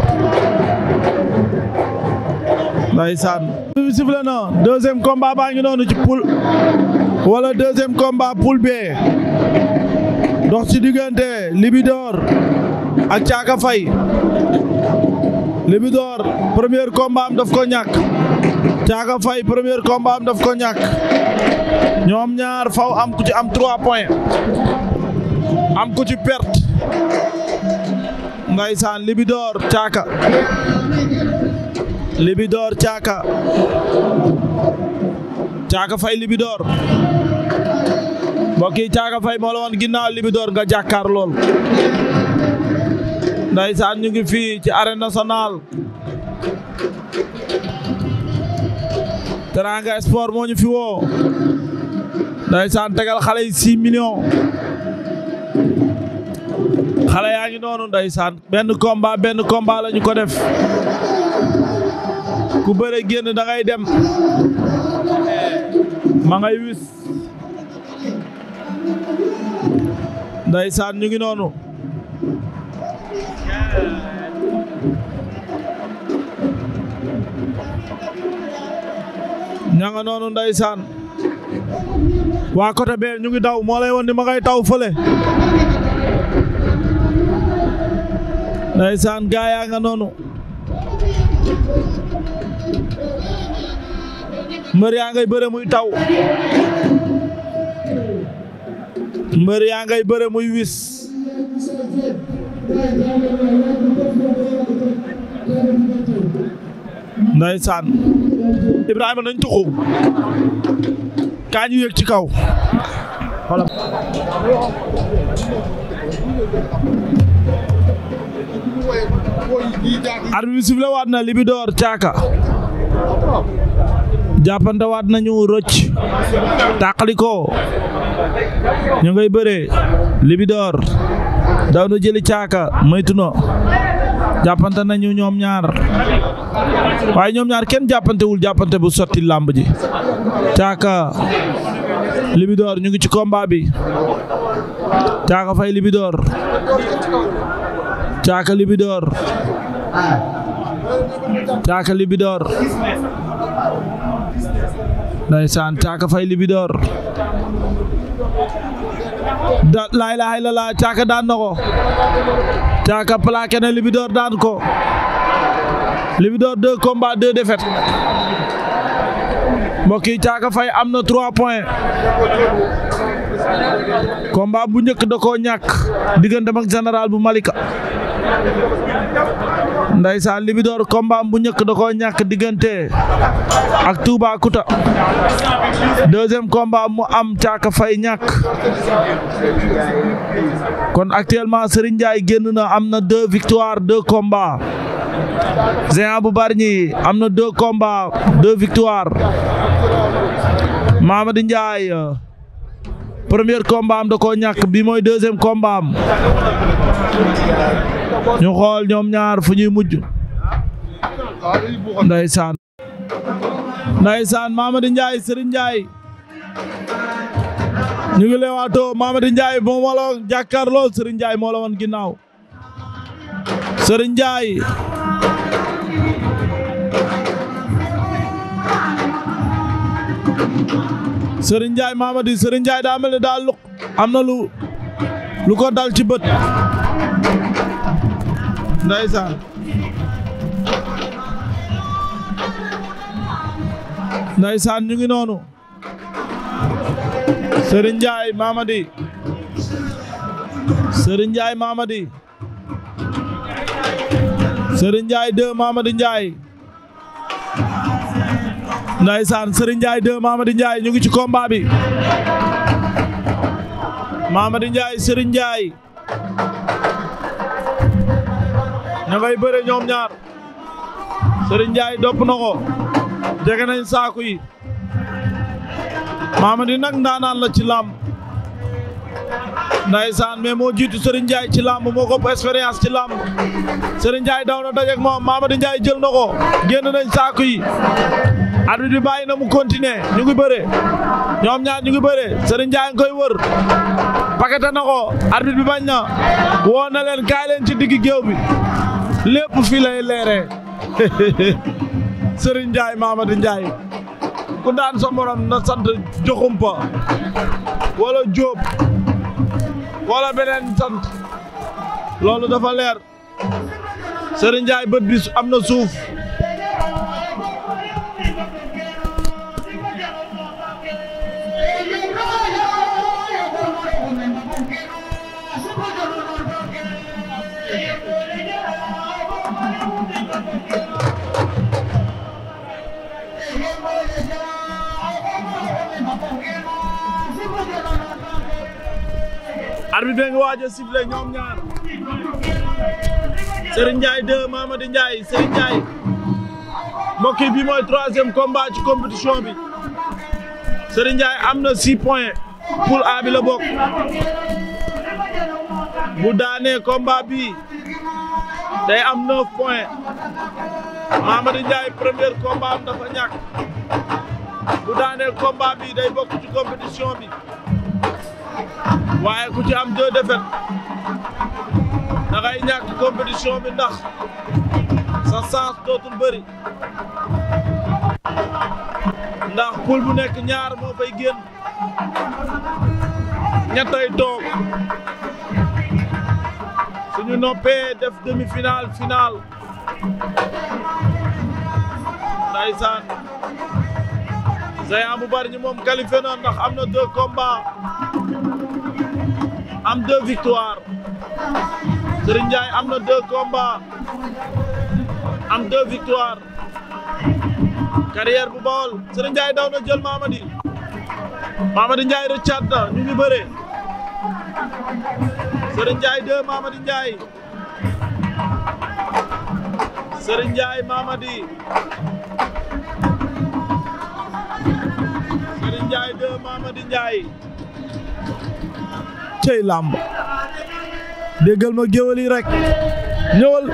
ndeysaan bi sifflé na deuxième combat baa ngi noonu ci wala deuxième combat poule dox ci diggante Libidor ak Caaka Fay Libidor premier combat am daf ko ñàkk Caaka Fay premier combat am daf ko ñàkk ñoom ñaar faw am ku ci am trois points am ku ci perte ndaysaan Libidor Caaka Libidor Caaka Caaka Fay Libidor mbokk yi Caaka Fay moo la woon ginnaaw Libidor nga jàkkaar lool ndeysaan ñu ngi fii ci arène nationale Teranga Sport moo ñu fi woo ndeysaan tegal xale yi 6 millions xale yaa ngi noonu ndeysaan benn combat benn combat la ñu ko def ku bëre génn da ngay dem ma ngay wis ndeysaan ñu ngi noonu ña nga noonu ndeysaan waa côté bee ñu ngi daw moo lay woon ni ma ngay taw fële ndeysaan gaa yaa nga noonu mbër yaa ngay bëre muy taw mbër yaa ngay bëre muy wis ndeysaan Ibrahima nañ tuxu kaa ñu yëg ci kaw xoolal arbitre bi sifflé waat na Libidor Caaka jàppante waat nañu rocc tàqali ko ñu ngay bëree Libidor daw na jëli caaka moytu na jàppante nañu ñoom ñaar waaye ñoom ñaar kenn jàppantewul jàppante bu sotti làmb ji caaka libidoor ñu ngi ci combat bi caaka fay libidoor caaka libidoor caaka libidoor ndeysaan caaka fay libidoor da laa ilaaha illallaah caaka daan ko caaka plaqué na daan ko Libidor deux combats deux défaites mbokk caaka fay am na trois points combat bu njëkk da koo ñàkk diggante ak général bu Malika. Ndeysaan Libidor combat bu njëkk da koo ñàkk diggante ak Toubacouta deuxième combat mu am caaka fay ñàkk kon actuellement Serigne Ndiaye génn na am na deux victoires deux komba Géant bu Bargny am na deux combats deux victoires Mamadou Ndiaye premier combat am da koo ñàkk bi mooy deuxième combat am ñu xool ñoom ñaar fu ñuy mujj ndeysaan ndeysaan Mamadi Ndiaye Serigne Ndiaye ñu ngi leewaatoo Mamadi Ndiaye moom moo la jàkkaarloo Serigne Ndiaye moo la woon ginnaaw Serigne Ndiaye Serigne Ndiaye Mamadi Serigne Ndiaye daa mel ni daa am na lu lu ko dal ndeysaan ndeysaan ñu ngi noonu Serigne Ndiaye Mamadi Serigne Ndiaye Mamadi Serigne Ndiaye 2 Mamadi Ndiaye ndeysaan Serigne Ndiaye 2 Mamadi Ndiaye ñu ngi ci combat bi Mamadi Ndiaye Serigne Ndiaye ña ngay bëre ñoom ñaar Serigne Ndiaye dopp na ko jege nañ saaku yi Mamady nag ndaanaan la ci làmb ndaysaan mais moo jiitu Serigne Ndiaye ci làmb moo ko expérience ci làmb Serigne Ndiaye daw na dajeeg moom Mamady Ndiaye jël na ko génn nañ saaku yi arbitre bi bàyyi na mu continuer ñu ngi bëre ñoom ñaar ñu ngi bëre Serigne Ndiaye ngi koy wër pakete na ko bi bañ na woo na leen ci digg géew bi lépp fii lay leeree Serigne Ndiaye Mamadou Ndiaye ku daan sa morom na sant Joxumpa wala Jóob wala beneen sant loolu dafa leer Serigne bët bi am na suuf arbitre bi nga waaj a sifflé ñoom ñaar Serigne Ndiaye 2 Mamady Ndiaye Serigne Ndiaye mbokk mooy troisième combat ci compétition bi Serigne Ndiaye am na six points poule A bi bu daanee combat bi day am neuf points Mamady Ndiaye premier combat am dafa ñàkk bu waaye ku ci am deux défaites da ñàkk compétition bi ndax sa chance dootul bëri ndax poule bu nekk ñaar moo fay génn ñettay toog suñu noppee def demi-finale finale ndaysaan Géant bu Bargny moom qualifié ndax am na deux combats am deux victoires Serigne Ndiaye am na deux combats am deux victoires carrière bu Bawol Serigne Ndiaye daw na jël Mamadi Mamadi Ndiaye rëccaat na ñu ngi bëre Serigne Ndiaye deux cey làmb déggal ma rek ñëwal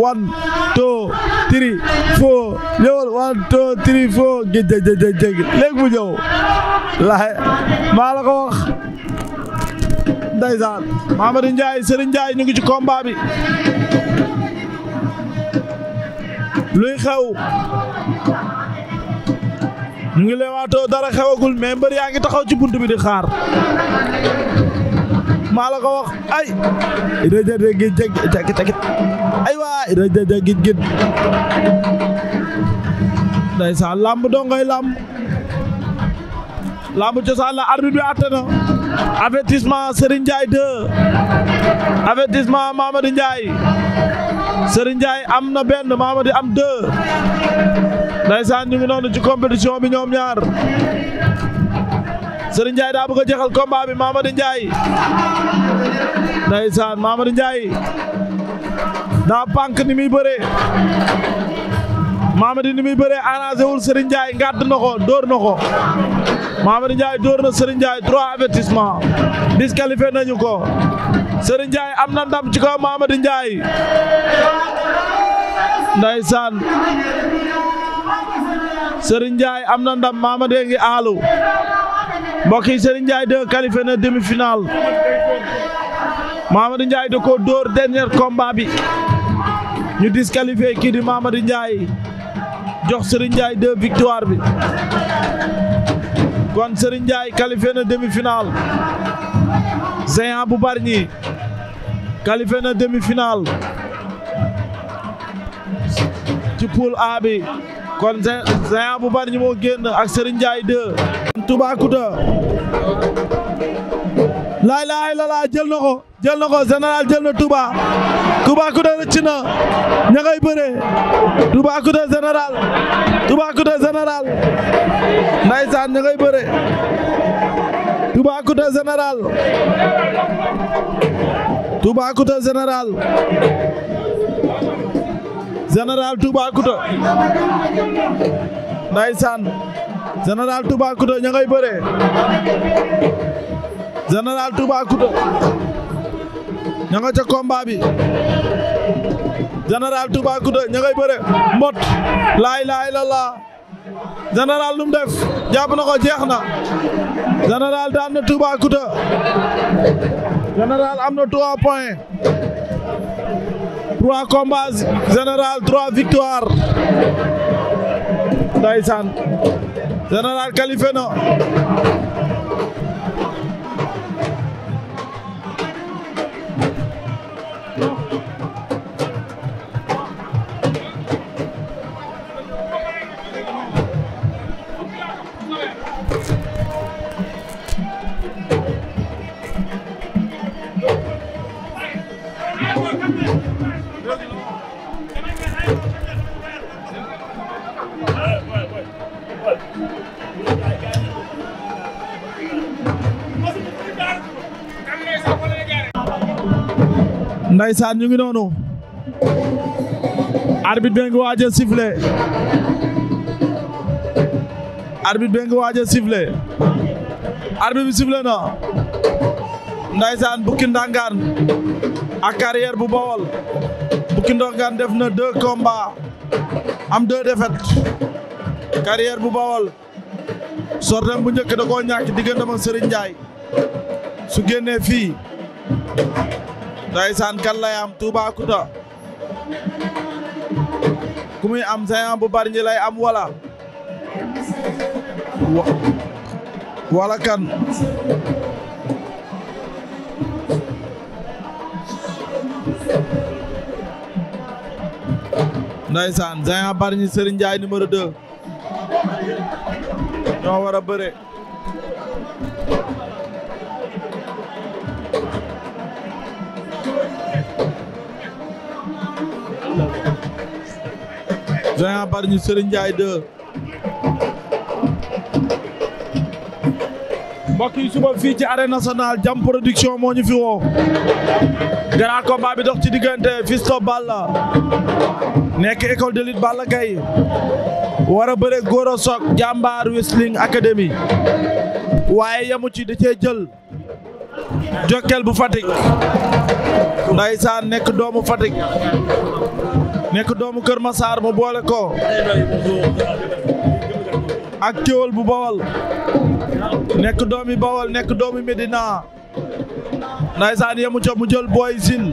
one two three four maa la ko wax ndeysaan Mamadou Ndiaye Serigne Ndiaye ñu ngi ci combat bi luy xew ñu ngi leewaatoo dara xewagul mais mbër yaa ngi taxaw ci bunt bi di xaar maa la ko wax ay rëj rëj gi cakit cakit ay waay rëj rëj gi git ndeysaan lamb dongoy lamb lamb cosaan la arbitre bi àtte na avertissement Serigne Ndiaye 2 avertissement Mamadou Ndiaye Serigne Ndiaye am na benn Mamadou am deux ndeysaan ñu ngi noonu ci compétition bi ñoom ñaar Serigne Ndiaye daa bëgg a jeexal combat bi Mamadou daa pànk ni muy bëree Mamadou ni muy wul Serigne Ndiaye ngàdd na ko dóor na ko Mamadou Ndiaye dóor na Serigne Ndiaye trois avertissement disqualifié nañu am na ndam ci kaw Mamadou Ndiaye ndeysaan Serigne Ndiaye am na ndam Mamadou ngi aalu mbokk yi Serigne Ndiaye 2 na demi-finale Mamadou Ndiaye ko dóor dernier combat bi ñu disqualifié kii di Mamadou Ndiaye jox Serigne Ndiaye 2 victoire bi kon Serigne Ndiaye qualifié na demi-finale Géant bu Bargny qualifié na demi ci poule A bi kon Géant bu Bargny moo génn ak Serigne Ndiaye 2 Toubacouta laay laay lala jël na ko jël na ko général jël na Touba Toubacouta rëcc na ña ngay bëree Toubacouta général Toubacouta général ndaysaan général Toubacouta ndaysaan général Toubacouta ña ngay bëree général Toubacouta ña nga ca combat bi général Toubacouta ña ngay bëree mbot laay laay la laa général def jàpp na ko jeex na général daan na Toubacouta général am na trois points trois combats général trois victoires ndaysaan général qualifié na ndaysaan ñu ngi noonu arbitre bi ngi waaj a sifflé arbitre bi waaj a sifflé arbitre bi sifflé na ndaysaan bukki ndangaan ak carrière bu bawol bukki ndangaan def na am deux défaites carrière bu bawol sortem bu njëkk da koo ñàkk diggante ak fii ndaysaan kan lay am Toubacouta ku muy am Géant bu Bargny lay am wala wala kan ndaysaan Géant Bargny Serigne Ndiaye numéro 2 ñoo war a bëre Géant Bargny Serigne Ndiaye 2 mbokk yi suba fii ci arène nationale Jam Production moo ñu fi woo grand combat bi dox ci diggante Fisto Balla nekk école de Balla Gaye war a bëre Goro Sock Jàmbaar Academy waaye yamu ci da cee jël Jokkel bu Fatick ndaysaan nekk doomu Fatick nekk doomu Kër Massar mu boole ko ak Kéwél bu Bawol nekk doomi Bawol nekk doomi Medina ndaysaan yemu co mu jël Boy Zil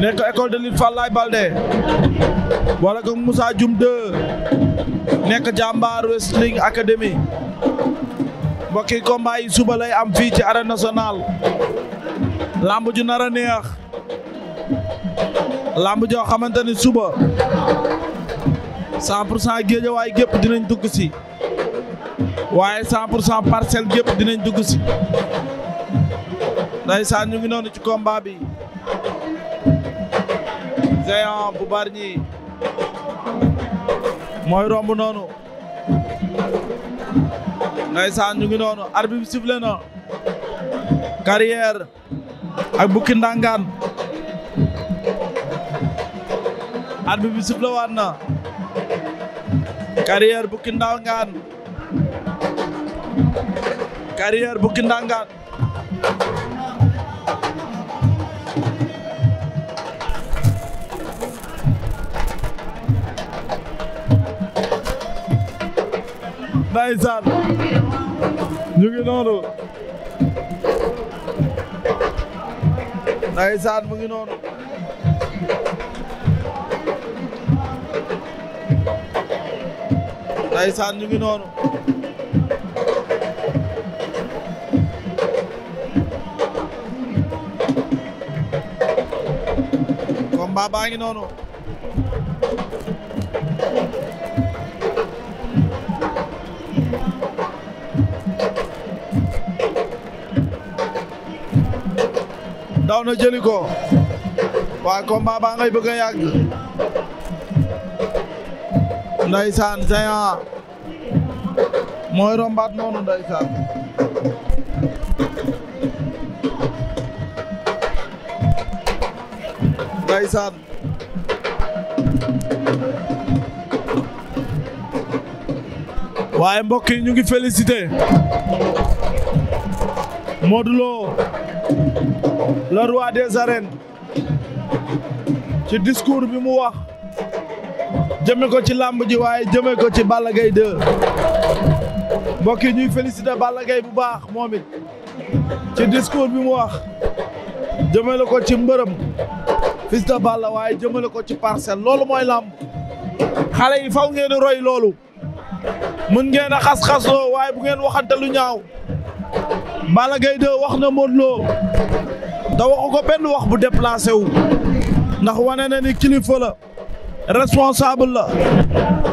nekk école de lutte Fallaye Baldé boole ko Moussa Dioum 2 nekk Jambar Wrestling Academy mbokki combat yi suba lay am fii ci arène nationale lamb ju neex lamb joo xamante ni suba 100 pour cent géejawaay gépp dinañ dugg si waaye 100 pour cent parcelle gépp dinañ dugg si ndaysaan ñu ngi noonu ci combat bi Géant bu Bargny mooy romb noonu san ñu ngi noonu arbitre bi sifflé ak bukki arbitre bi siflé waat na bu kindangaan carrière bu kindangaan Ndeysaan ñu ngi noonu. combat baa ngi noonu. daw na jëli ko waaye combat baa ngay bëgg a yàgg. Ndeysaan Géant mooy rombaat noonu ndeysaan ndeysaan waaye mbokk yi ñu ngi félicité Modou Lo le roi des arènes ci discours bi mu wax jëme ko ci làmb ji waaye jëme ko ci Balla Gaye 2 mbokk ñuy félicité bala Gaye bu baax moom it ci discours bi mu wax jëmale ko ci mbërëm fils bala waaye jëmale ko ci parcelle loolu mooy làmb xale fa faw ngeen roy loolu mën ngeen a xas-xasoo waaye bu ngeen waxante lu ñaaw Balla gay 2 wax na Modou Lo te waxu ko benn wax bu déplacé wu ndax wane na ni kilifa la responsable la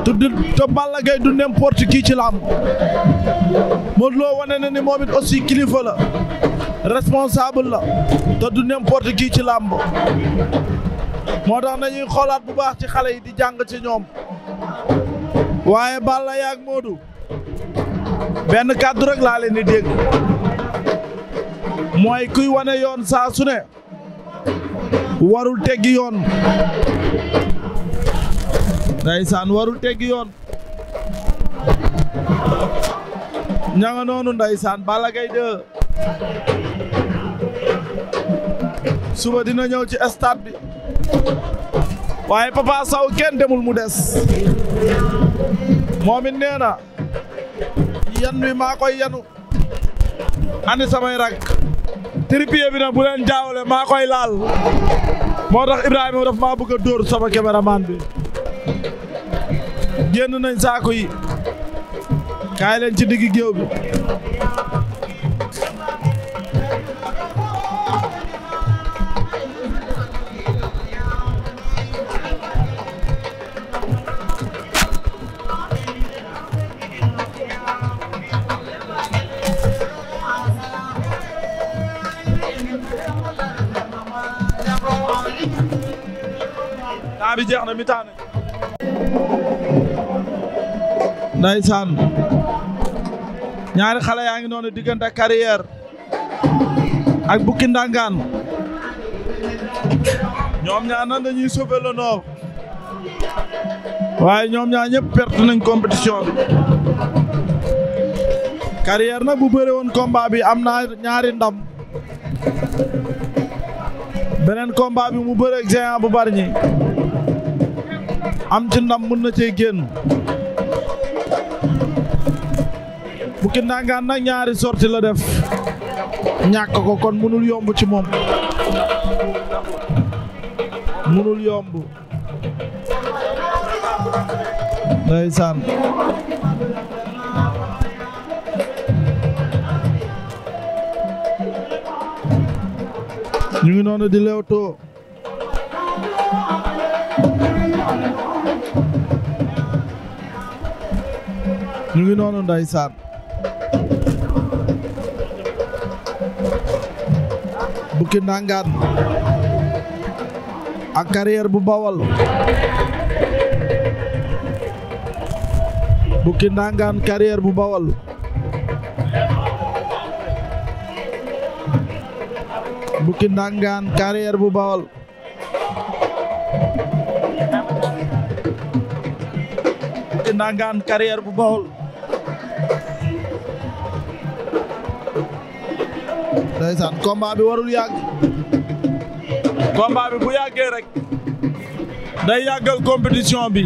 te du te Balla Gaye du n'importe qui ci làmb Modou Lo wane na ni moom it aussi kilifa la responsable la te du n'importe qui ci làmb moo tax nañuy xoolaat bu baax ci xale yi di jàng ci ñoom waaye Balla yaag Modou benn kàddu rek laa leen di dégg mooy kuy wane yoon saa su ne warul teggi yoon ndeysaan warul teggi yoon ña nga noonu ndeysaan Balla Gaye 2 suba dina ñëw ci stade bi waaye Papa Sow kenn demul mu des moom it nee na maa koy yanu andi samay rak tripier bi nag bu leen jaawale maa koy laal moo tax Ibrahima daf maa bëgg a dóor sama caméraman bi génn nañ saako yi kaay leen ci digg géew bi daa bi jeex na mi taa ndeysaan ñaari xale yaa ngi noonu diggante carrière ak bukki ndangaan ñoom ñaar nan dañuy sauver waaye ñoom ñaar ñëpp perte nañ compétition bi carrière nag bu woon combat bi am na ñaari ndam beneen combat bi mu bëre ak géant bu bari ñi am ci ndam mën na cee génn Bukki Ndàngaan nag ñaari sorti la def ñàkk ko kon mënul yomb ci moom mënul yomb ndeysaan ñu ngi noonu di leewtoo ñu ngi noonu ndeysaan bukki nangaan ak bu bawal bukki nangaan bu bawal bukki nangaan carrière bu bawal bukki nangaan bu bawal ndeysaan combat bi warul yàgg. combat bi bu rek. day yàggal compétition bi.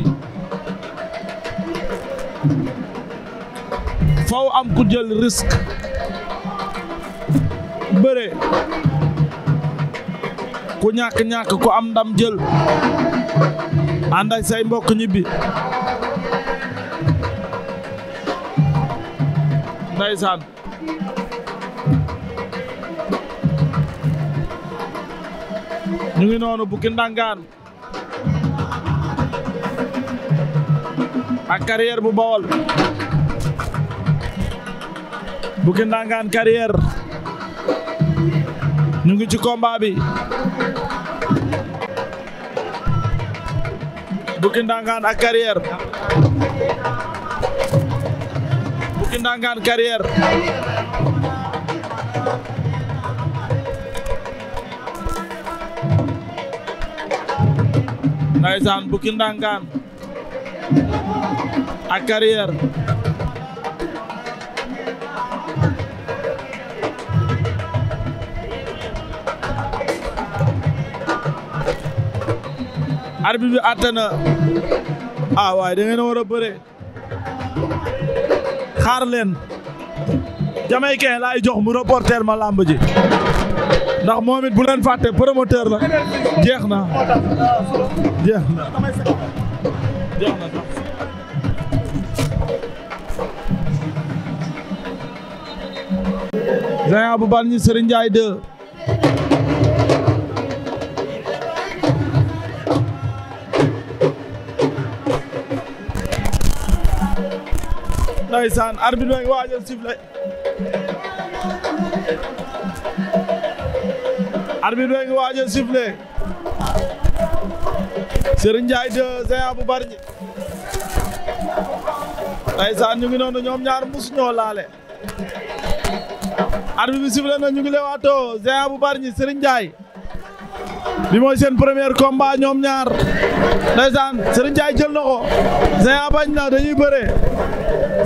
faw am ku jël risque bëre ku ñàkk-ñàkk ku am ndam jël ànd ak say mbokk ñibbi ndeysaan ñu ngi noonu bukki ndangaan ak bu bawol bukki ndangaan carrière ñu ngi ci combat bi bukki ndangaan ak carrière bukki ndaysaan bukki ndangaan ak carrière arbitre bi àtte na ah waaye da ngeen war a bëre xaar leen laay jox mu reporter ma làmb ndax moom it bu leen fàtte promoteur la jeex na jeex na jeex na Géant bu Bargny Serigne Ndiaye arbitre bi ngi waaj a sifflé Serigne Ndiaye bu Bargny ndeysaan ñu ngi ñoom ñaar mus ñoo laale arbitre bi sifflé na ñu ngi leewaatoo Géant bu Bargny Serigne Ndiaye bi mooy seen premier combat ñoom ñaar ndeysaan Serigne jël na ko Géant bañ na dañuy bëree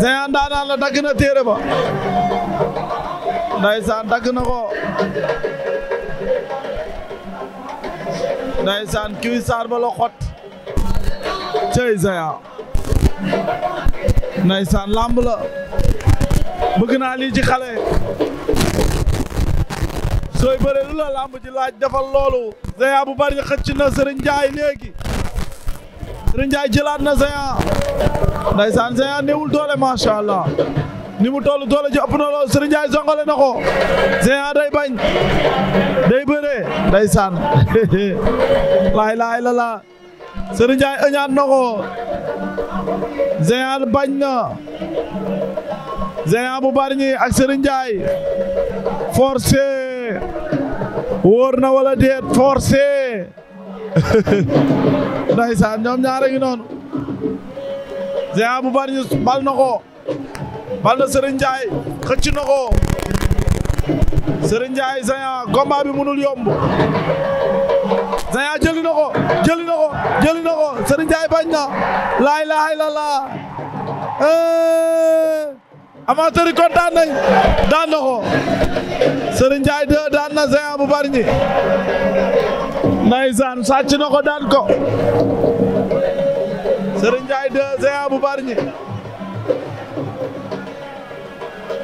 Géant daanaan la dagg na ba ndeysaan dagg ko ndaysaan kiwi saar ba la xot cey Zaya ndaysaan làmb la bëgg naa lii ci xale sooy bëre lu la làmb ji laaj defal loolu Zaya bu bari xëcc na Serigne Ndiaye léegi Serigne Ndiaye jëlaat na Zaya ndaysaan Zaya néewul doole macha ni mu toll doole ji ëpp na lool Serigne na ko Géant day bañ day bëree day saan laay laay la la Serigne Ndiaye ëñaat na ko Géant bañ na Géant bu bari ñi ak Serigne Ndiaye forcé na wala déet forcé ndeysaan ñoom ñaar a ngi noonu Géant bu bari ñi bal ko bal na Serigne Ndiaye xëcc na ko Serigne Ndiaye Géant mënul yomb Géant jëli na ko jëli na ko jëli na ko Serigne Ndiaye bañ na laa ilaaha illallaah eh! amateur yi daan na ko Serigne daan na Géant bu bari ñi ndeysaan sàcc na daan ko Serigne Ndiaye de bu bari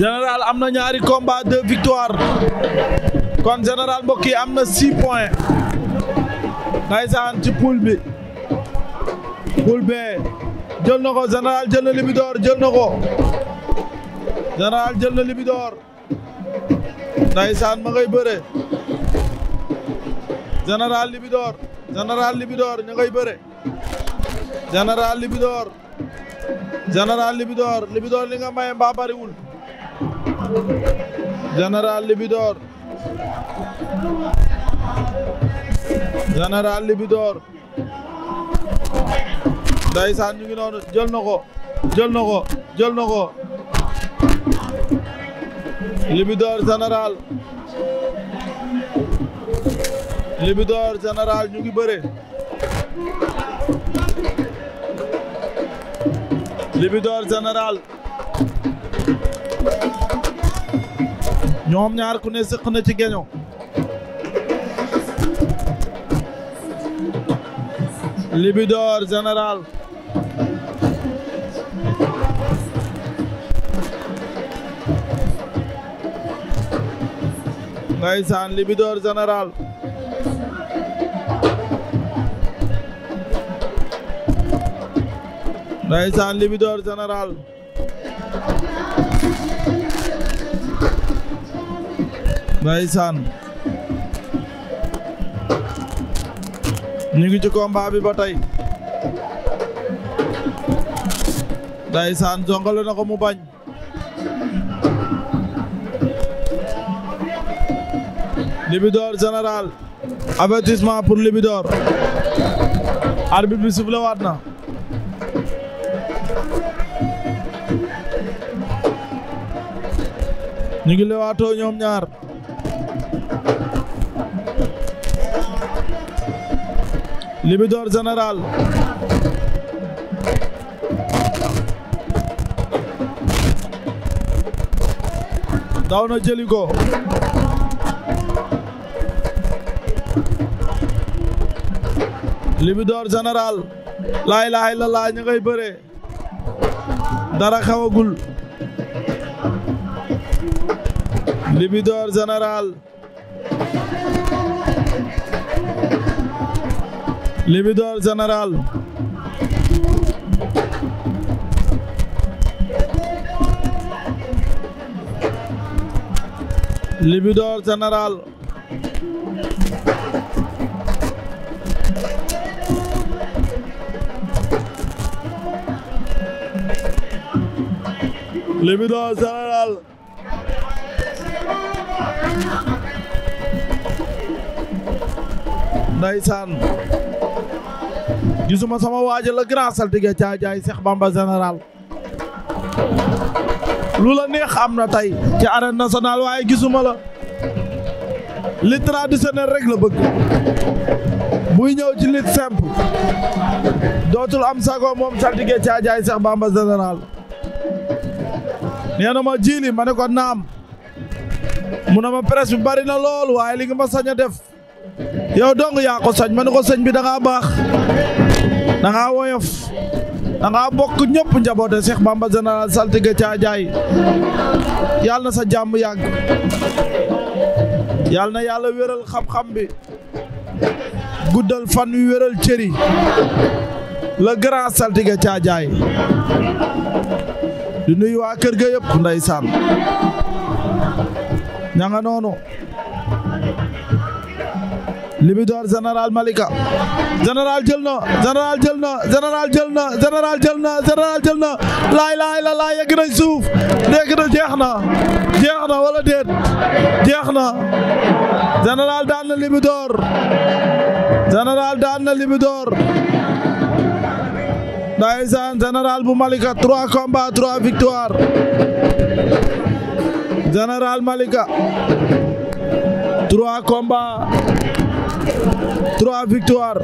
général am na ñaari combat deux victoire kon général mbokk yi am na six points ndaysaan ci poule bi poule bee jël na ko général jël na libidoor jël na ko général jël libidoor ndaysaan ma ngay bëre général libidoor général libidoor ña ngay bëre général libidoor général libidoor li nga maye mbaa bariwul Général Libidor Général Libidor ndeysaan ñu ngi noonu jël na ko jël na ko jël na ko Libidor Général Libidor Général ñu ngi bëre Libidor ñoom ñaar ku ne sëq na ci geño Libidor général Ndeysaan Libidor général Ndeysaan Libidor général ndeysaan ñu ngi ci combat bi ba tey ndeysaan jongale ko mu bañ Libidor général avertissement pour Libidor arbitre bi sifflé waat na ñu ngi lewaatoo ñoom ñaar Libidor général daw na jëli ko Libidor général laa ilaaha illallah ñu ngay bëre dara xawagul Libidor général Libidor général Libidor général Libidor général Ndeysaan gisuma sama waaja la grand saltige caajaay Cheikh Bamba général lu la neex am na tey ci arène nationale waaye gisuma la li traditionnel rek la bëgg buy ñëw ci lit simple dootul am sago moom saltige caajaay Cheikh Bamba général nee na ma jiili ma ne ko naam mu ne ma presse bi bari na lool waaye li nga ma sañ a def yow dong yaa ko sañ ma ne ko sëñ bi da baax da woyof da bokk ñëpp njaboote Cheikh Bamba général saltige caajaay yàlla na sa jàmm yàgg yàlla na yàlla wéral xam-xam bi guddal fan wéral cëri la grand saltige caajaay di nuyu waa kër ga yëpp ndaysaan ña Libidor général Malika général jël na général jël na général jël na général jël na général jël na laay laay la laay yegg nañ suuf léegi na jeex na jeex na wala déet jeex na général daan na Libidor général daan na Libidor ndaysaan général bu Malika trois combats trois victoire général Malika trois combats trois victoires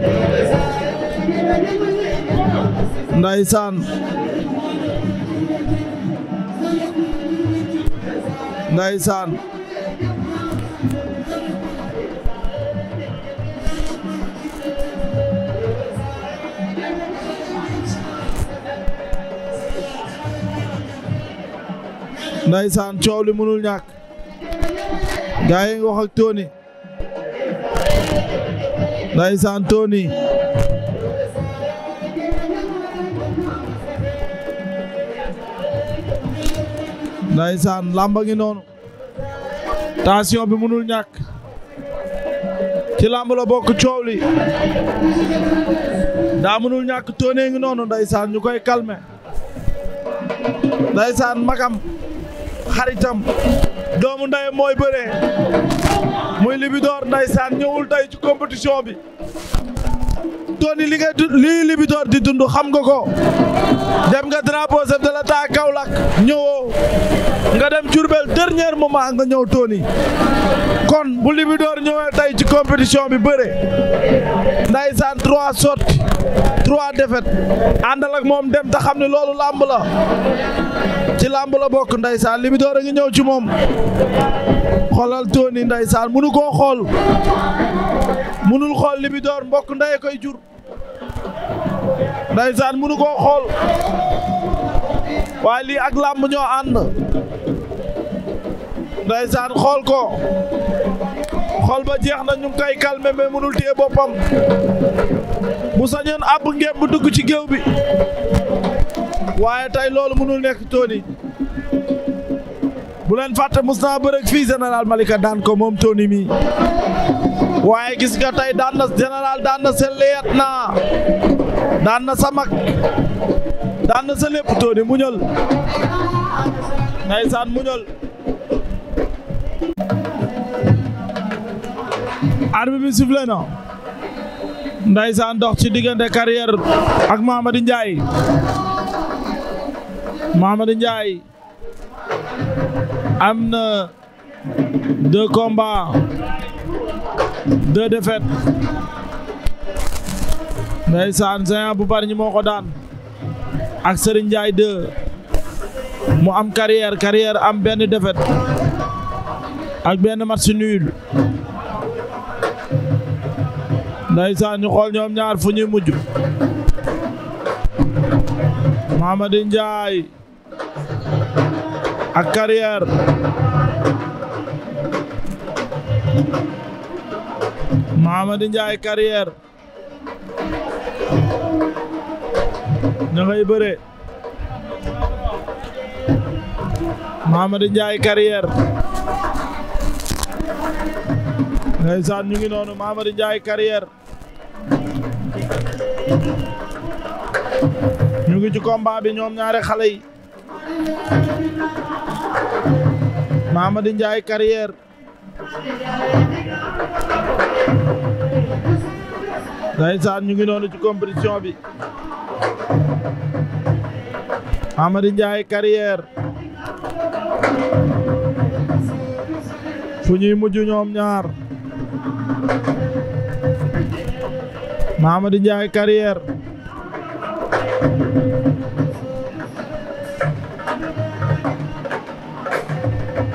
ndaysaan ndaysaan ndaysaan coow li mënul ñàkk gaa ngi wax ak ndaysaan Tony ndaysaan làmba ngi noonu tension bi mënul ñàkk ci làmb la bokk coow li daa mënul ñàkk Tony ngi noonu ndaysaan ñu koy calmer ndaysaan magam xaritam doomu nday mooy bëree muy Libidor ndeysaan ñëwul tey ci compétition bi Tony li ngay lii Libidor di dund xam nga ko dem nga drapeau chef de l'État Kaolack ñëwoo nga dem Diourbel dernier moment nga ñëw Tony kon bu Libidor ñëwee tey ci compétition bi bëre ndaysaan trois sot trois défaites àndal ak moom dem te xam ne loolu làmb la ci làmb la bokk ndaysaan Libidor a ngi ñëw ci moom xoolal Tony ndaysaan mënu koo xool mënul xool Libidor mbokk ndey koy jur ndaysaan mënu koo xool waaye lii ak làmb ñoo ànd ndeysaan xool ko xool ba jeex na ñu ngi koy calmer mais mënul boppam bu sañoon àbb ngéem dugg ci géew bi waaye tey loolu mënul nekk Tony bu leen fàtte mos naa bërëg fii général Malika daan ko moom Tony mi waaye gis nga tey daan na général daan na sa leet naa daan na sa daan na sa lépp Tony muñal ndeysaan muñal arbi bi sifflé na ndaysaan dox ci diggante carrière ak Mamady Ndiaye Mamady Ndiaye am na deux combats deux défaites ndaysaan Géant bu bari ñi moo ko daan ak Serigne Ndiaye deux mu am carrière carrière am benn défaite ak benn match nul ndeysaan ñu xool ñoom ñaar fu ñuy mujj Mamady Ndiaye ak carrière Mamady Ndiaye carrière ñu ngay bëre Mamady Ndiaye carrière ndeysaan ñu ngi noonu Mamady Ndiaye carrière ñu ngi ci combat bi ñoom ñaari xale yi njaay Ndiaye carrière ndeysaan ñu ngi noonu ci compétition bi Mamady njaay carrière fu ñuy mujj ñoom ñaar maam Ndiaye carrière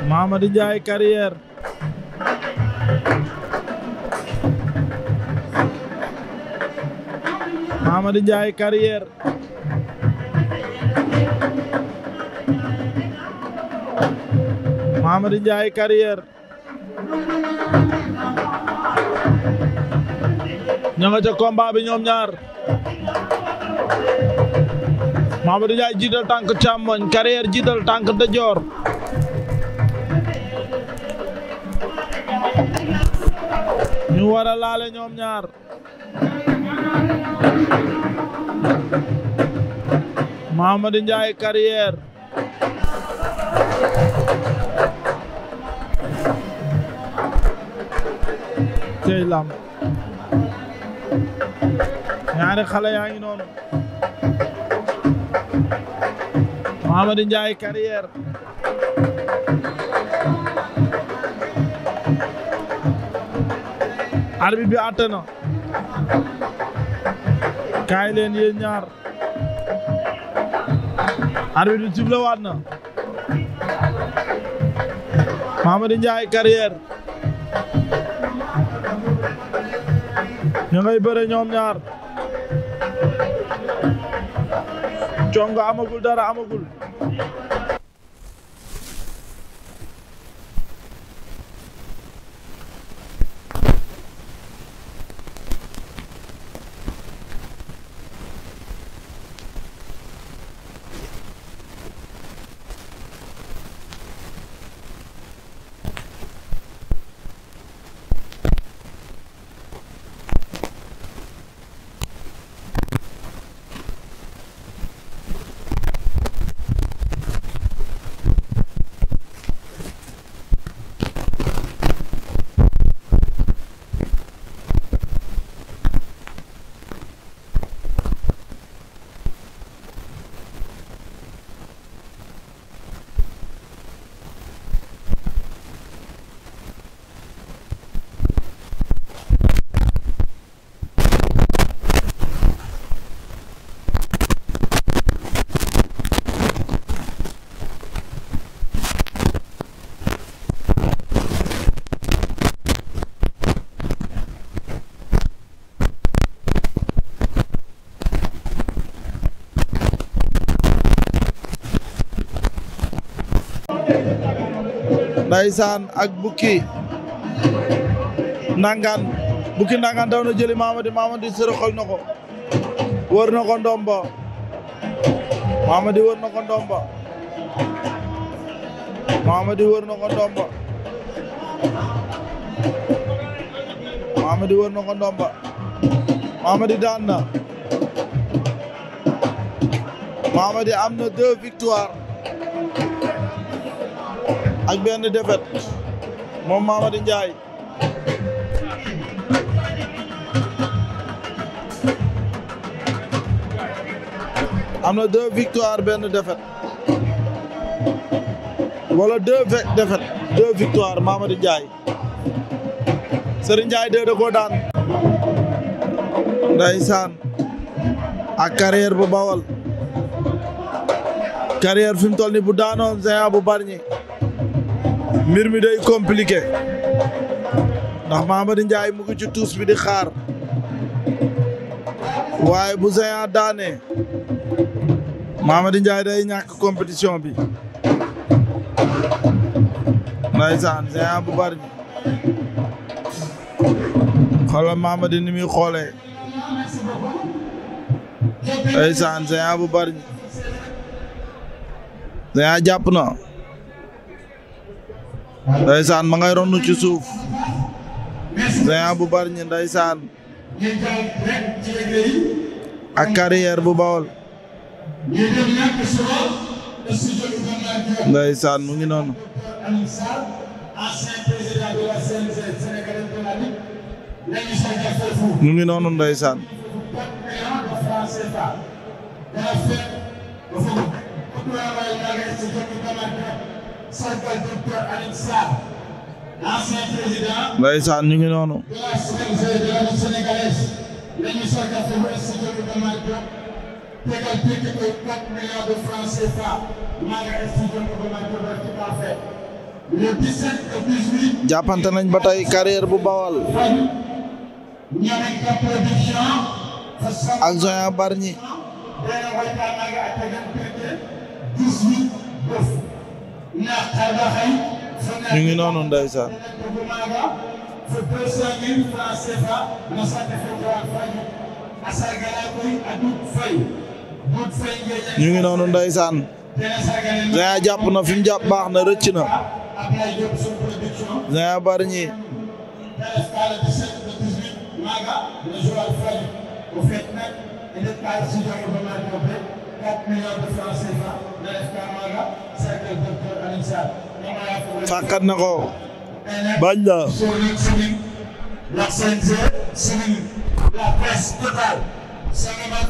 Mamadou Ndiaye carrière Mamadou Ndiaye carrière Mamadou Ndiaye carrière ña nga ca combat bi ñoom ñaar Mamadou Ndiaye jiital tànk càmmoñ carrière jiital tànk ndeyjoor ñu war a laale ñoom ñaar Mamadou Ndiaye carrière tey ñaari xale yaa ngi noonu Mamadou Ndiaye carrière arbitre bi àtte na kaay leen yéen ñaar arbitre bi sifflé waat na Mamadou Ndiaye carrière ñu ngay bëre ñoom ñaar congo amagul dara amagul ndaysaan ak bukki nangan bukki nangan daw na jëli Mamadi Mamadi sërëxal na ko wër wër na ko ndomba Mamadi wër na ko ndomba Mamadi wër na ko ndomba Mamadi daan na Mamadi am na deux victoires ak benn defet moom Mamady Ndiaye am na deux victoires benn defet wala deux défaites deux victoires Mamady Ndiaye Serigne Ndiaye deux da koo daan ndeysaan ak carrière bu bawal carrière fi ni bu daanoon Géant bu Bargny mbir mi day compliqué ndax Mamadou Ndiaye mu ngi tuus bi di xaar waaye bu Géant daane Mamadou Ndiaye day ñàkk compétition bi ndaysaan Géant bu bari xoolal Mamadou ni muy xoolee ndaysaan Géant bu bari Géant jàpp na ndaysaan ma ngay ronu ci suuf Géant bu Bargny ndaysaan ak carrière bu Bawol ndaysaan mu ngi noonu mu ngi noonu ndaysaan sargal docteur Alioune Sarr ancien président ndeysaan ñu ngi noonu de la CNG de la Ligue sénégalaise la ñu sargal foofu institut bi dama jóg tegal tekki ko quatre millions de francs CFA maa nga institut bi dama jóg rek ci parfait le 17 et 18 jàppante nañ ba tey carrière bu bawal ñanika production ak Zoya Bargny dana waxtaan naa nga ak tegal tekki 18 def ñu ngi noonu ndeysaan ñu ngi noonu ndeysaan Zaya jàpp fi mu jàpp baax na rëcc na fàqat na ko. bañ na.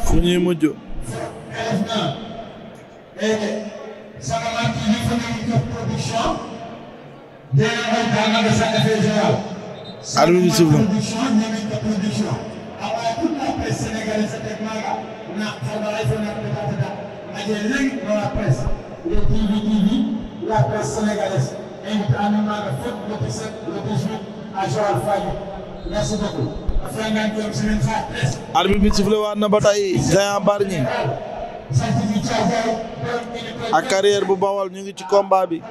fu ñuy mujj. armi bi suuf la. daje léegi dans la presse les TV-TV la presse sénégalaise invite annuellement ba tey Géant Bargny ak carrière bu bawal ñu ngi ci combat bi.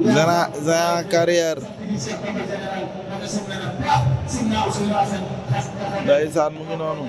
Géant Géant carrière. mu ngi noonu.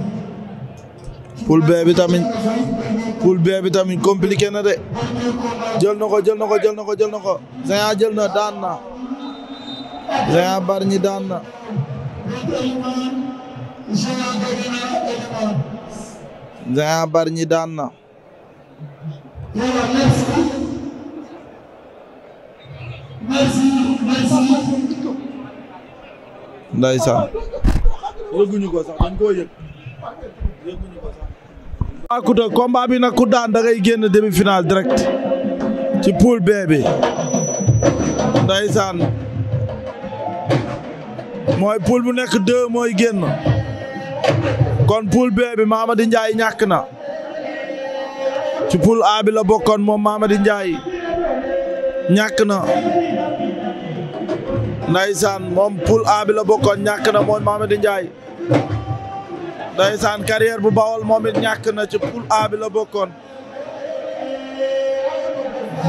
poule B bi tamit poule B bi tamit compliqué na de jël na ko jël na ko jël na ko jël na ko Géant jël na daan na Géant Bargny daan na Géant Bargny daan na ndeysaan yëguñu ko sax dañ koo yëg yëguñu ko sax waaw Kouta bi nag ku daan da génn demi final ci poule B bi ndaysaan mooy poule bu nekk deux mooy génn kon poule B bi Mamady Ndiaye ñàkk na ci poule A bi la bokkoon moom Mamady Ndiaye ñàkk na ndaysaan moom poule A la bokkoon ñàkk na moom Mamady Ndiaye ndeysaan carrière bu bawol moom it ñàkk na ci poule A bi la bokkoon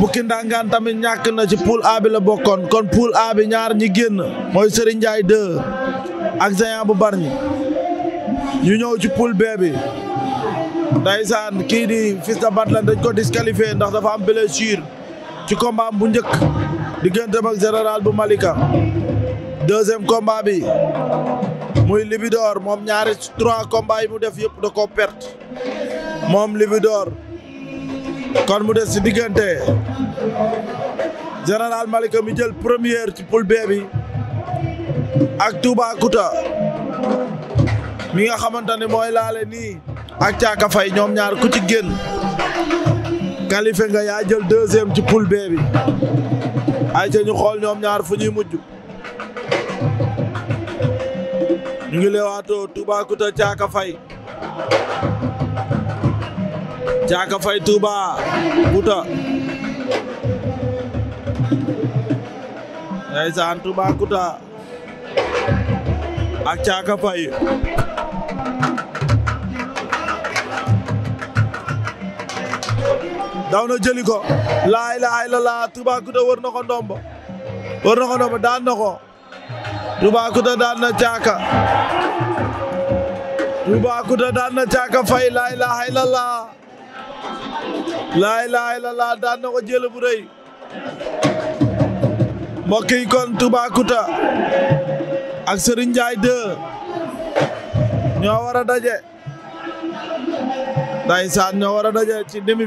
bukki tamit ñàkk na ci poule A la bokkoon kon poule A ñaar ñi génn mooy Serigne Ndiaye 2 ak Géant bu Bargny ñu ñëw ci poule B bi ndeysaan kii di Fils de Batlan dañ ko disqualifié ndax dafa am blessure ci combat bu njëkk digganteem ak général bu Malika deuxième combat muy Libidor moom ñaari trois combats mu def yëpp da ko perte moom Libidor kon mu des si diggante général Malika mi jël première ci poule B bi ak Toubacouta mi nga xamante ne mooy laale nii ak Caaka Fay ñoom ñaar ku ci génn qualifié nga yaa jël deuxième ci poule B ay ca ñu xool ñoom ñaar fu ñuy mujj ñu ngi leewaatoo Toubacouta Caaka Fay Caaka Fay Toubacouta ndeysaan Toubacouta ak Caaka Fay daw na jëli ko laay laay la laa Toubacouta wër na ko ndombo wër na ko daan na Toubacouta daan na Caaka Toubacouta daan na Caaka laa ilaaha illallah daan na ko jël bu rëy mbokk yi kon Toubacouta ak Serigne Ndiaye ñoo war a daje ndeysaan ñoo war a daje ci demi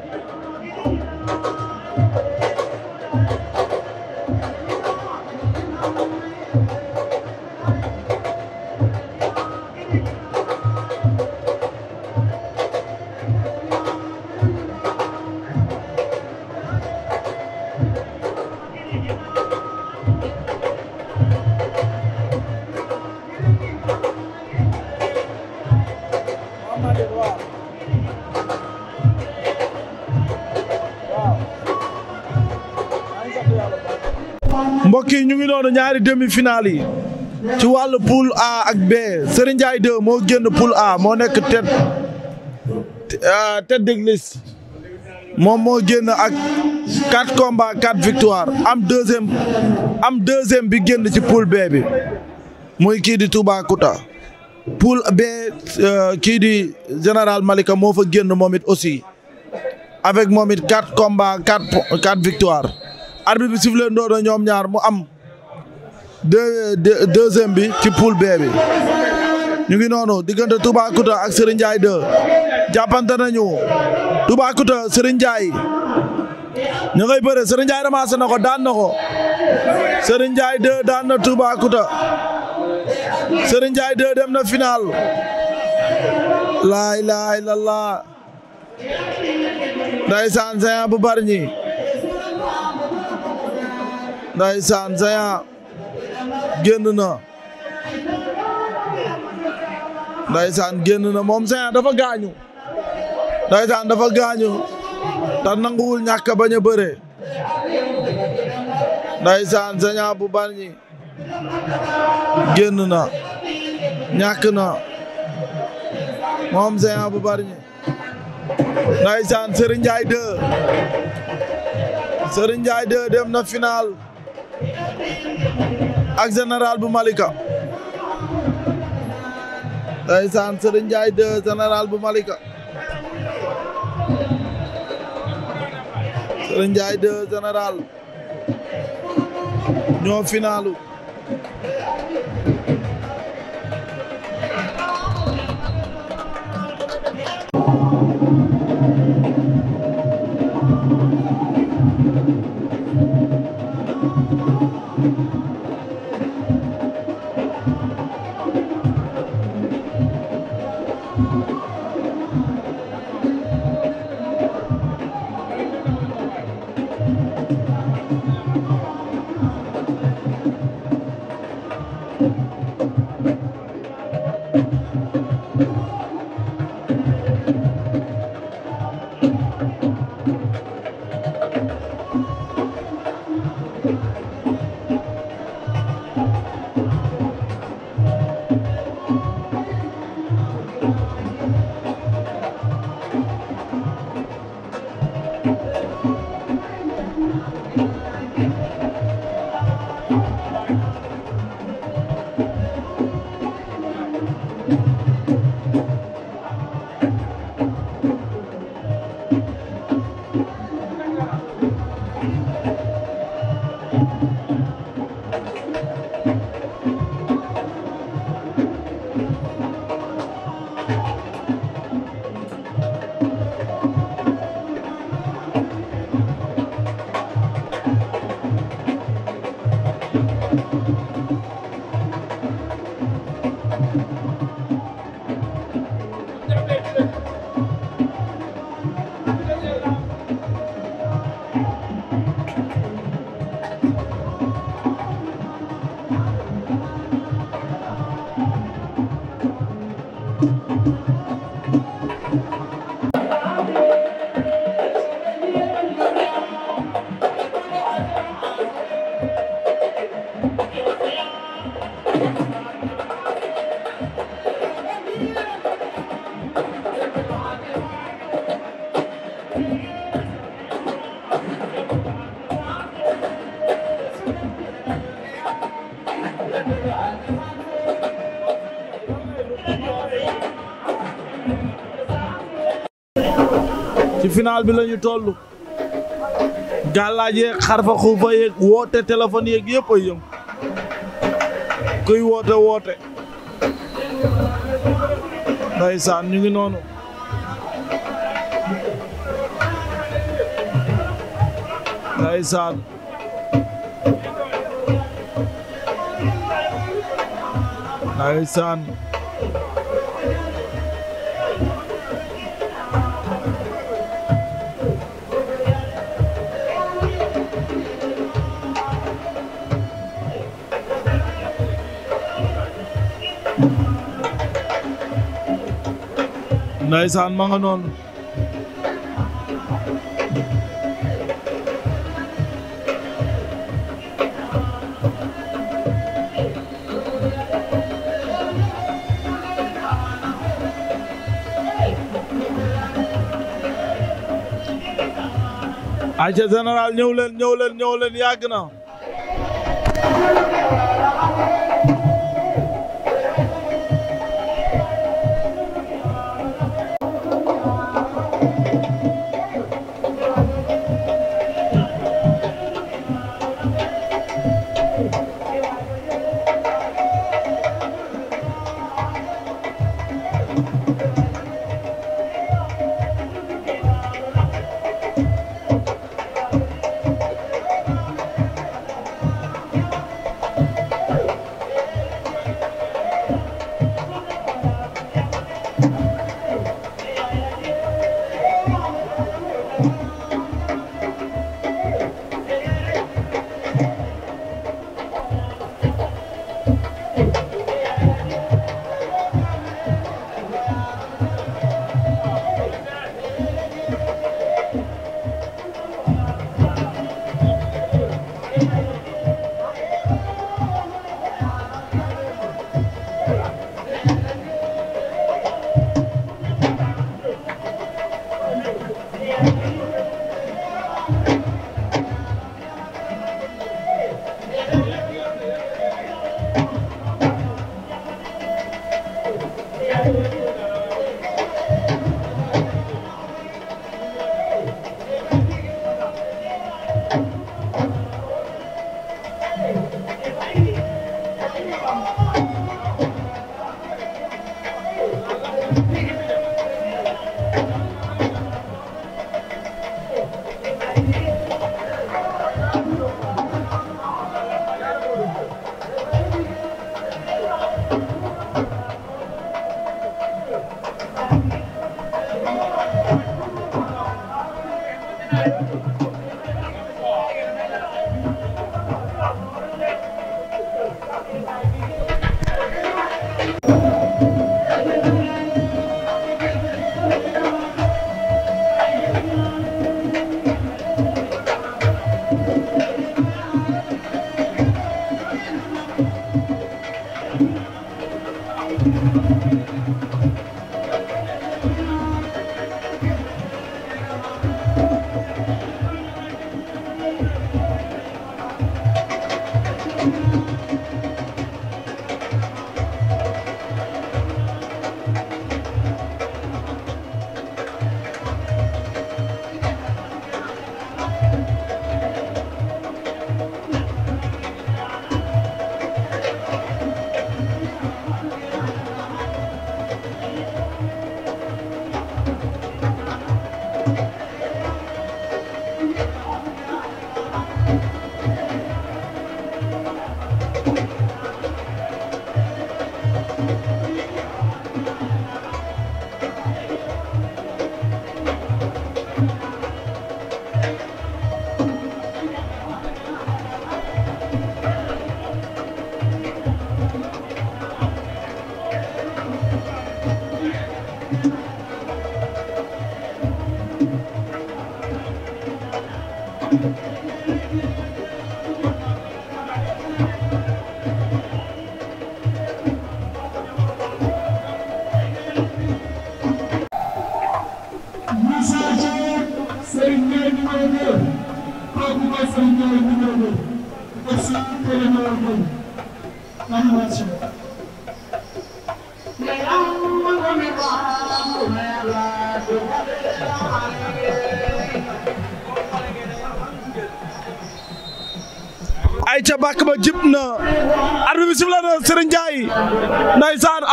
noonu ñaari demi-finale yi ci wàllu poule A ak B Serigne Ndiaye moo génn poule A moo nekk tête euh, tête de liste moom moo génn ak quatre combats quatre victoires am deuxième am deuxième bi génn ci poule B bi muy kii di Toubacouta poule B euh, kii di général Malika moo fa génn moom it aussi avec moom it quatre combats quatre quatre victoires bi sifflé ndoodo ñoom ñaar mu am deux deuxième bi ci poule bi ñu ngi noonu diggante Toubacouta ak Serigne Ndiaye 2 jàppante nañu Toubacouta Serigne ngay bëre Serigne Ndiaye ramassé na ko daan na ko Serigne Ndiaye 2 daan na Toubacouta Serigne Ndiaye 2 dem na final laa ilaaha illallah ndaysaan Géant bu Bargny ndaysaan Géant génn na ndaysaan génn na moom Géant dafa gaañu ndaysaan dafa gaañu te nanguwul ñàkk a bañ a bëre ndaysaan Géant bu Bargny génn na ñàkk na moom Géant bu Bargny ndaysaan Serigne Ndiaye 2 Serigne Ndiaye 2 dem na final ak général bu Malika ndeysaan Serigne Ndiaye 2 général bu Malika Serigne Ndiaye 2 général ñoo finalu final bi la ñu toll gàllaaj yeeg xarfa xuufa yeeg woote téléphone yeeg yëpp ay yëm kuy woote woote ndeysaan ñu ngi noonu ndeysaan ndeysaan Ndeysaan ma nga noonu. ayca général ñëw leen ñëw leen ñëw leen yàgg na.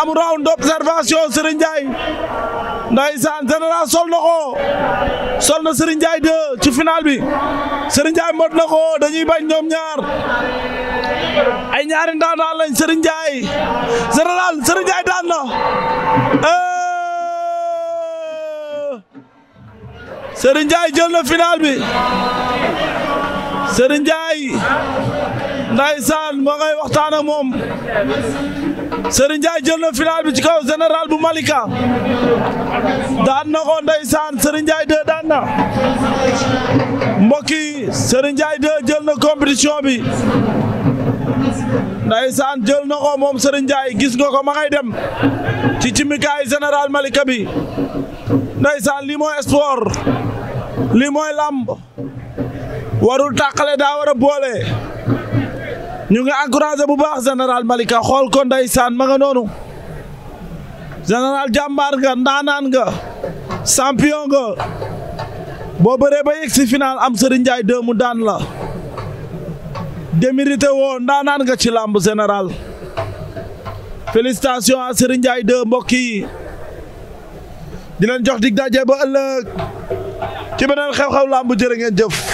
am round d'observation Serigne Ndiaye ndeysaan général sol na ko sol na Serigne Ndiaye ci final bi Serigne Ndiaye mot na ko dañuy bañ ñoom ñaar ay ñaari ndaanaan lañ Serigne daan na eh! Serigne Ndiaye jël na final bi Serigne Ndiaye ndeysaan waxtaan ak jël na final bi ci kaw général bu Malika daan na ko ndeysaan Serigne Ndiaye 2 daan na mbokk yi Serigne jël na compétition bi ndeysaan jël na ko moom Serigne Ndiaye gis nga ko dem ci cimikaay général Malika bi ndeysaan lii mooy sport lii lamb warul tàqale daa war a boole ñu ngi encouragé bu baax général Malika xool ko ndeysaan ma nga noonu général jàmbaar nga ndaanaan nga champion nga boo bëree ba yegg si final am Serigne Ndiaye deux mu daan la démérité woo ndaanaan nga ci làmb général félicitations à Serigne Ndiaye deux mbokk yi di jox dig daje ba ëllëg ci beneen xew-xew làmb jërë ngeen jëf.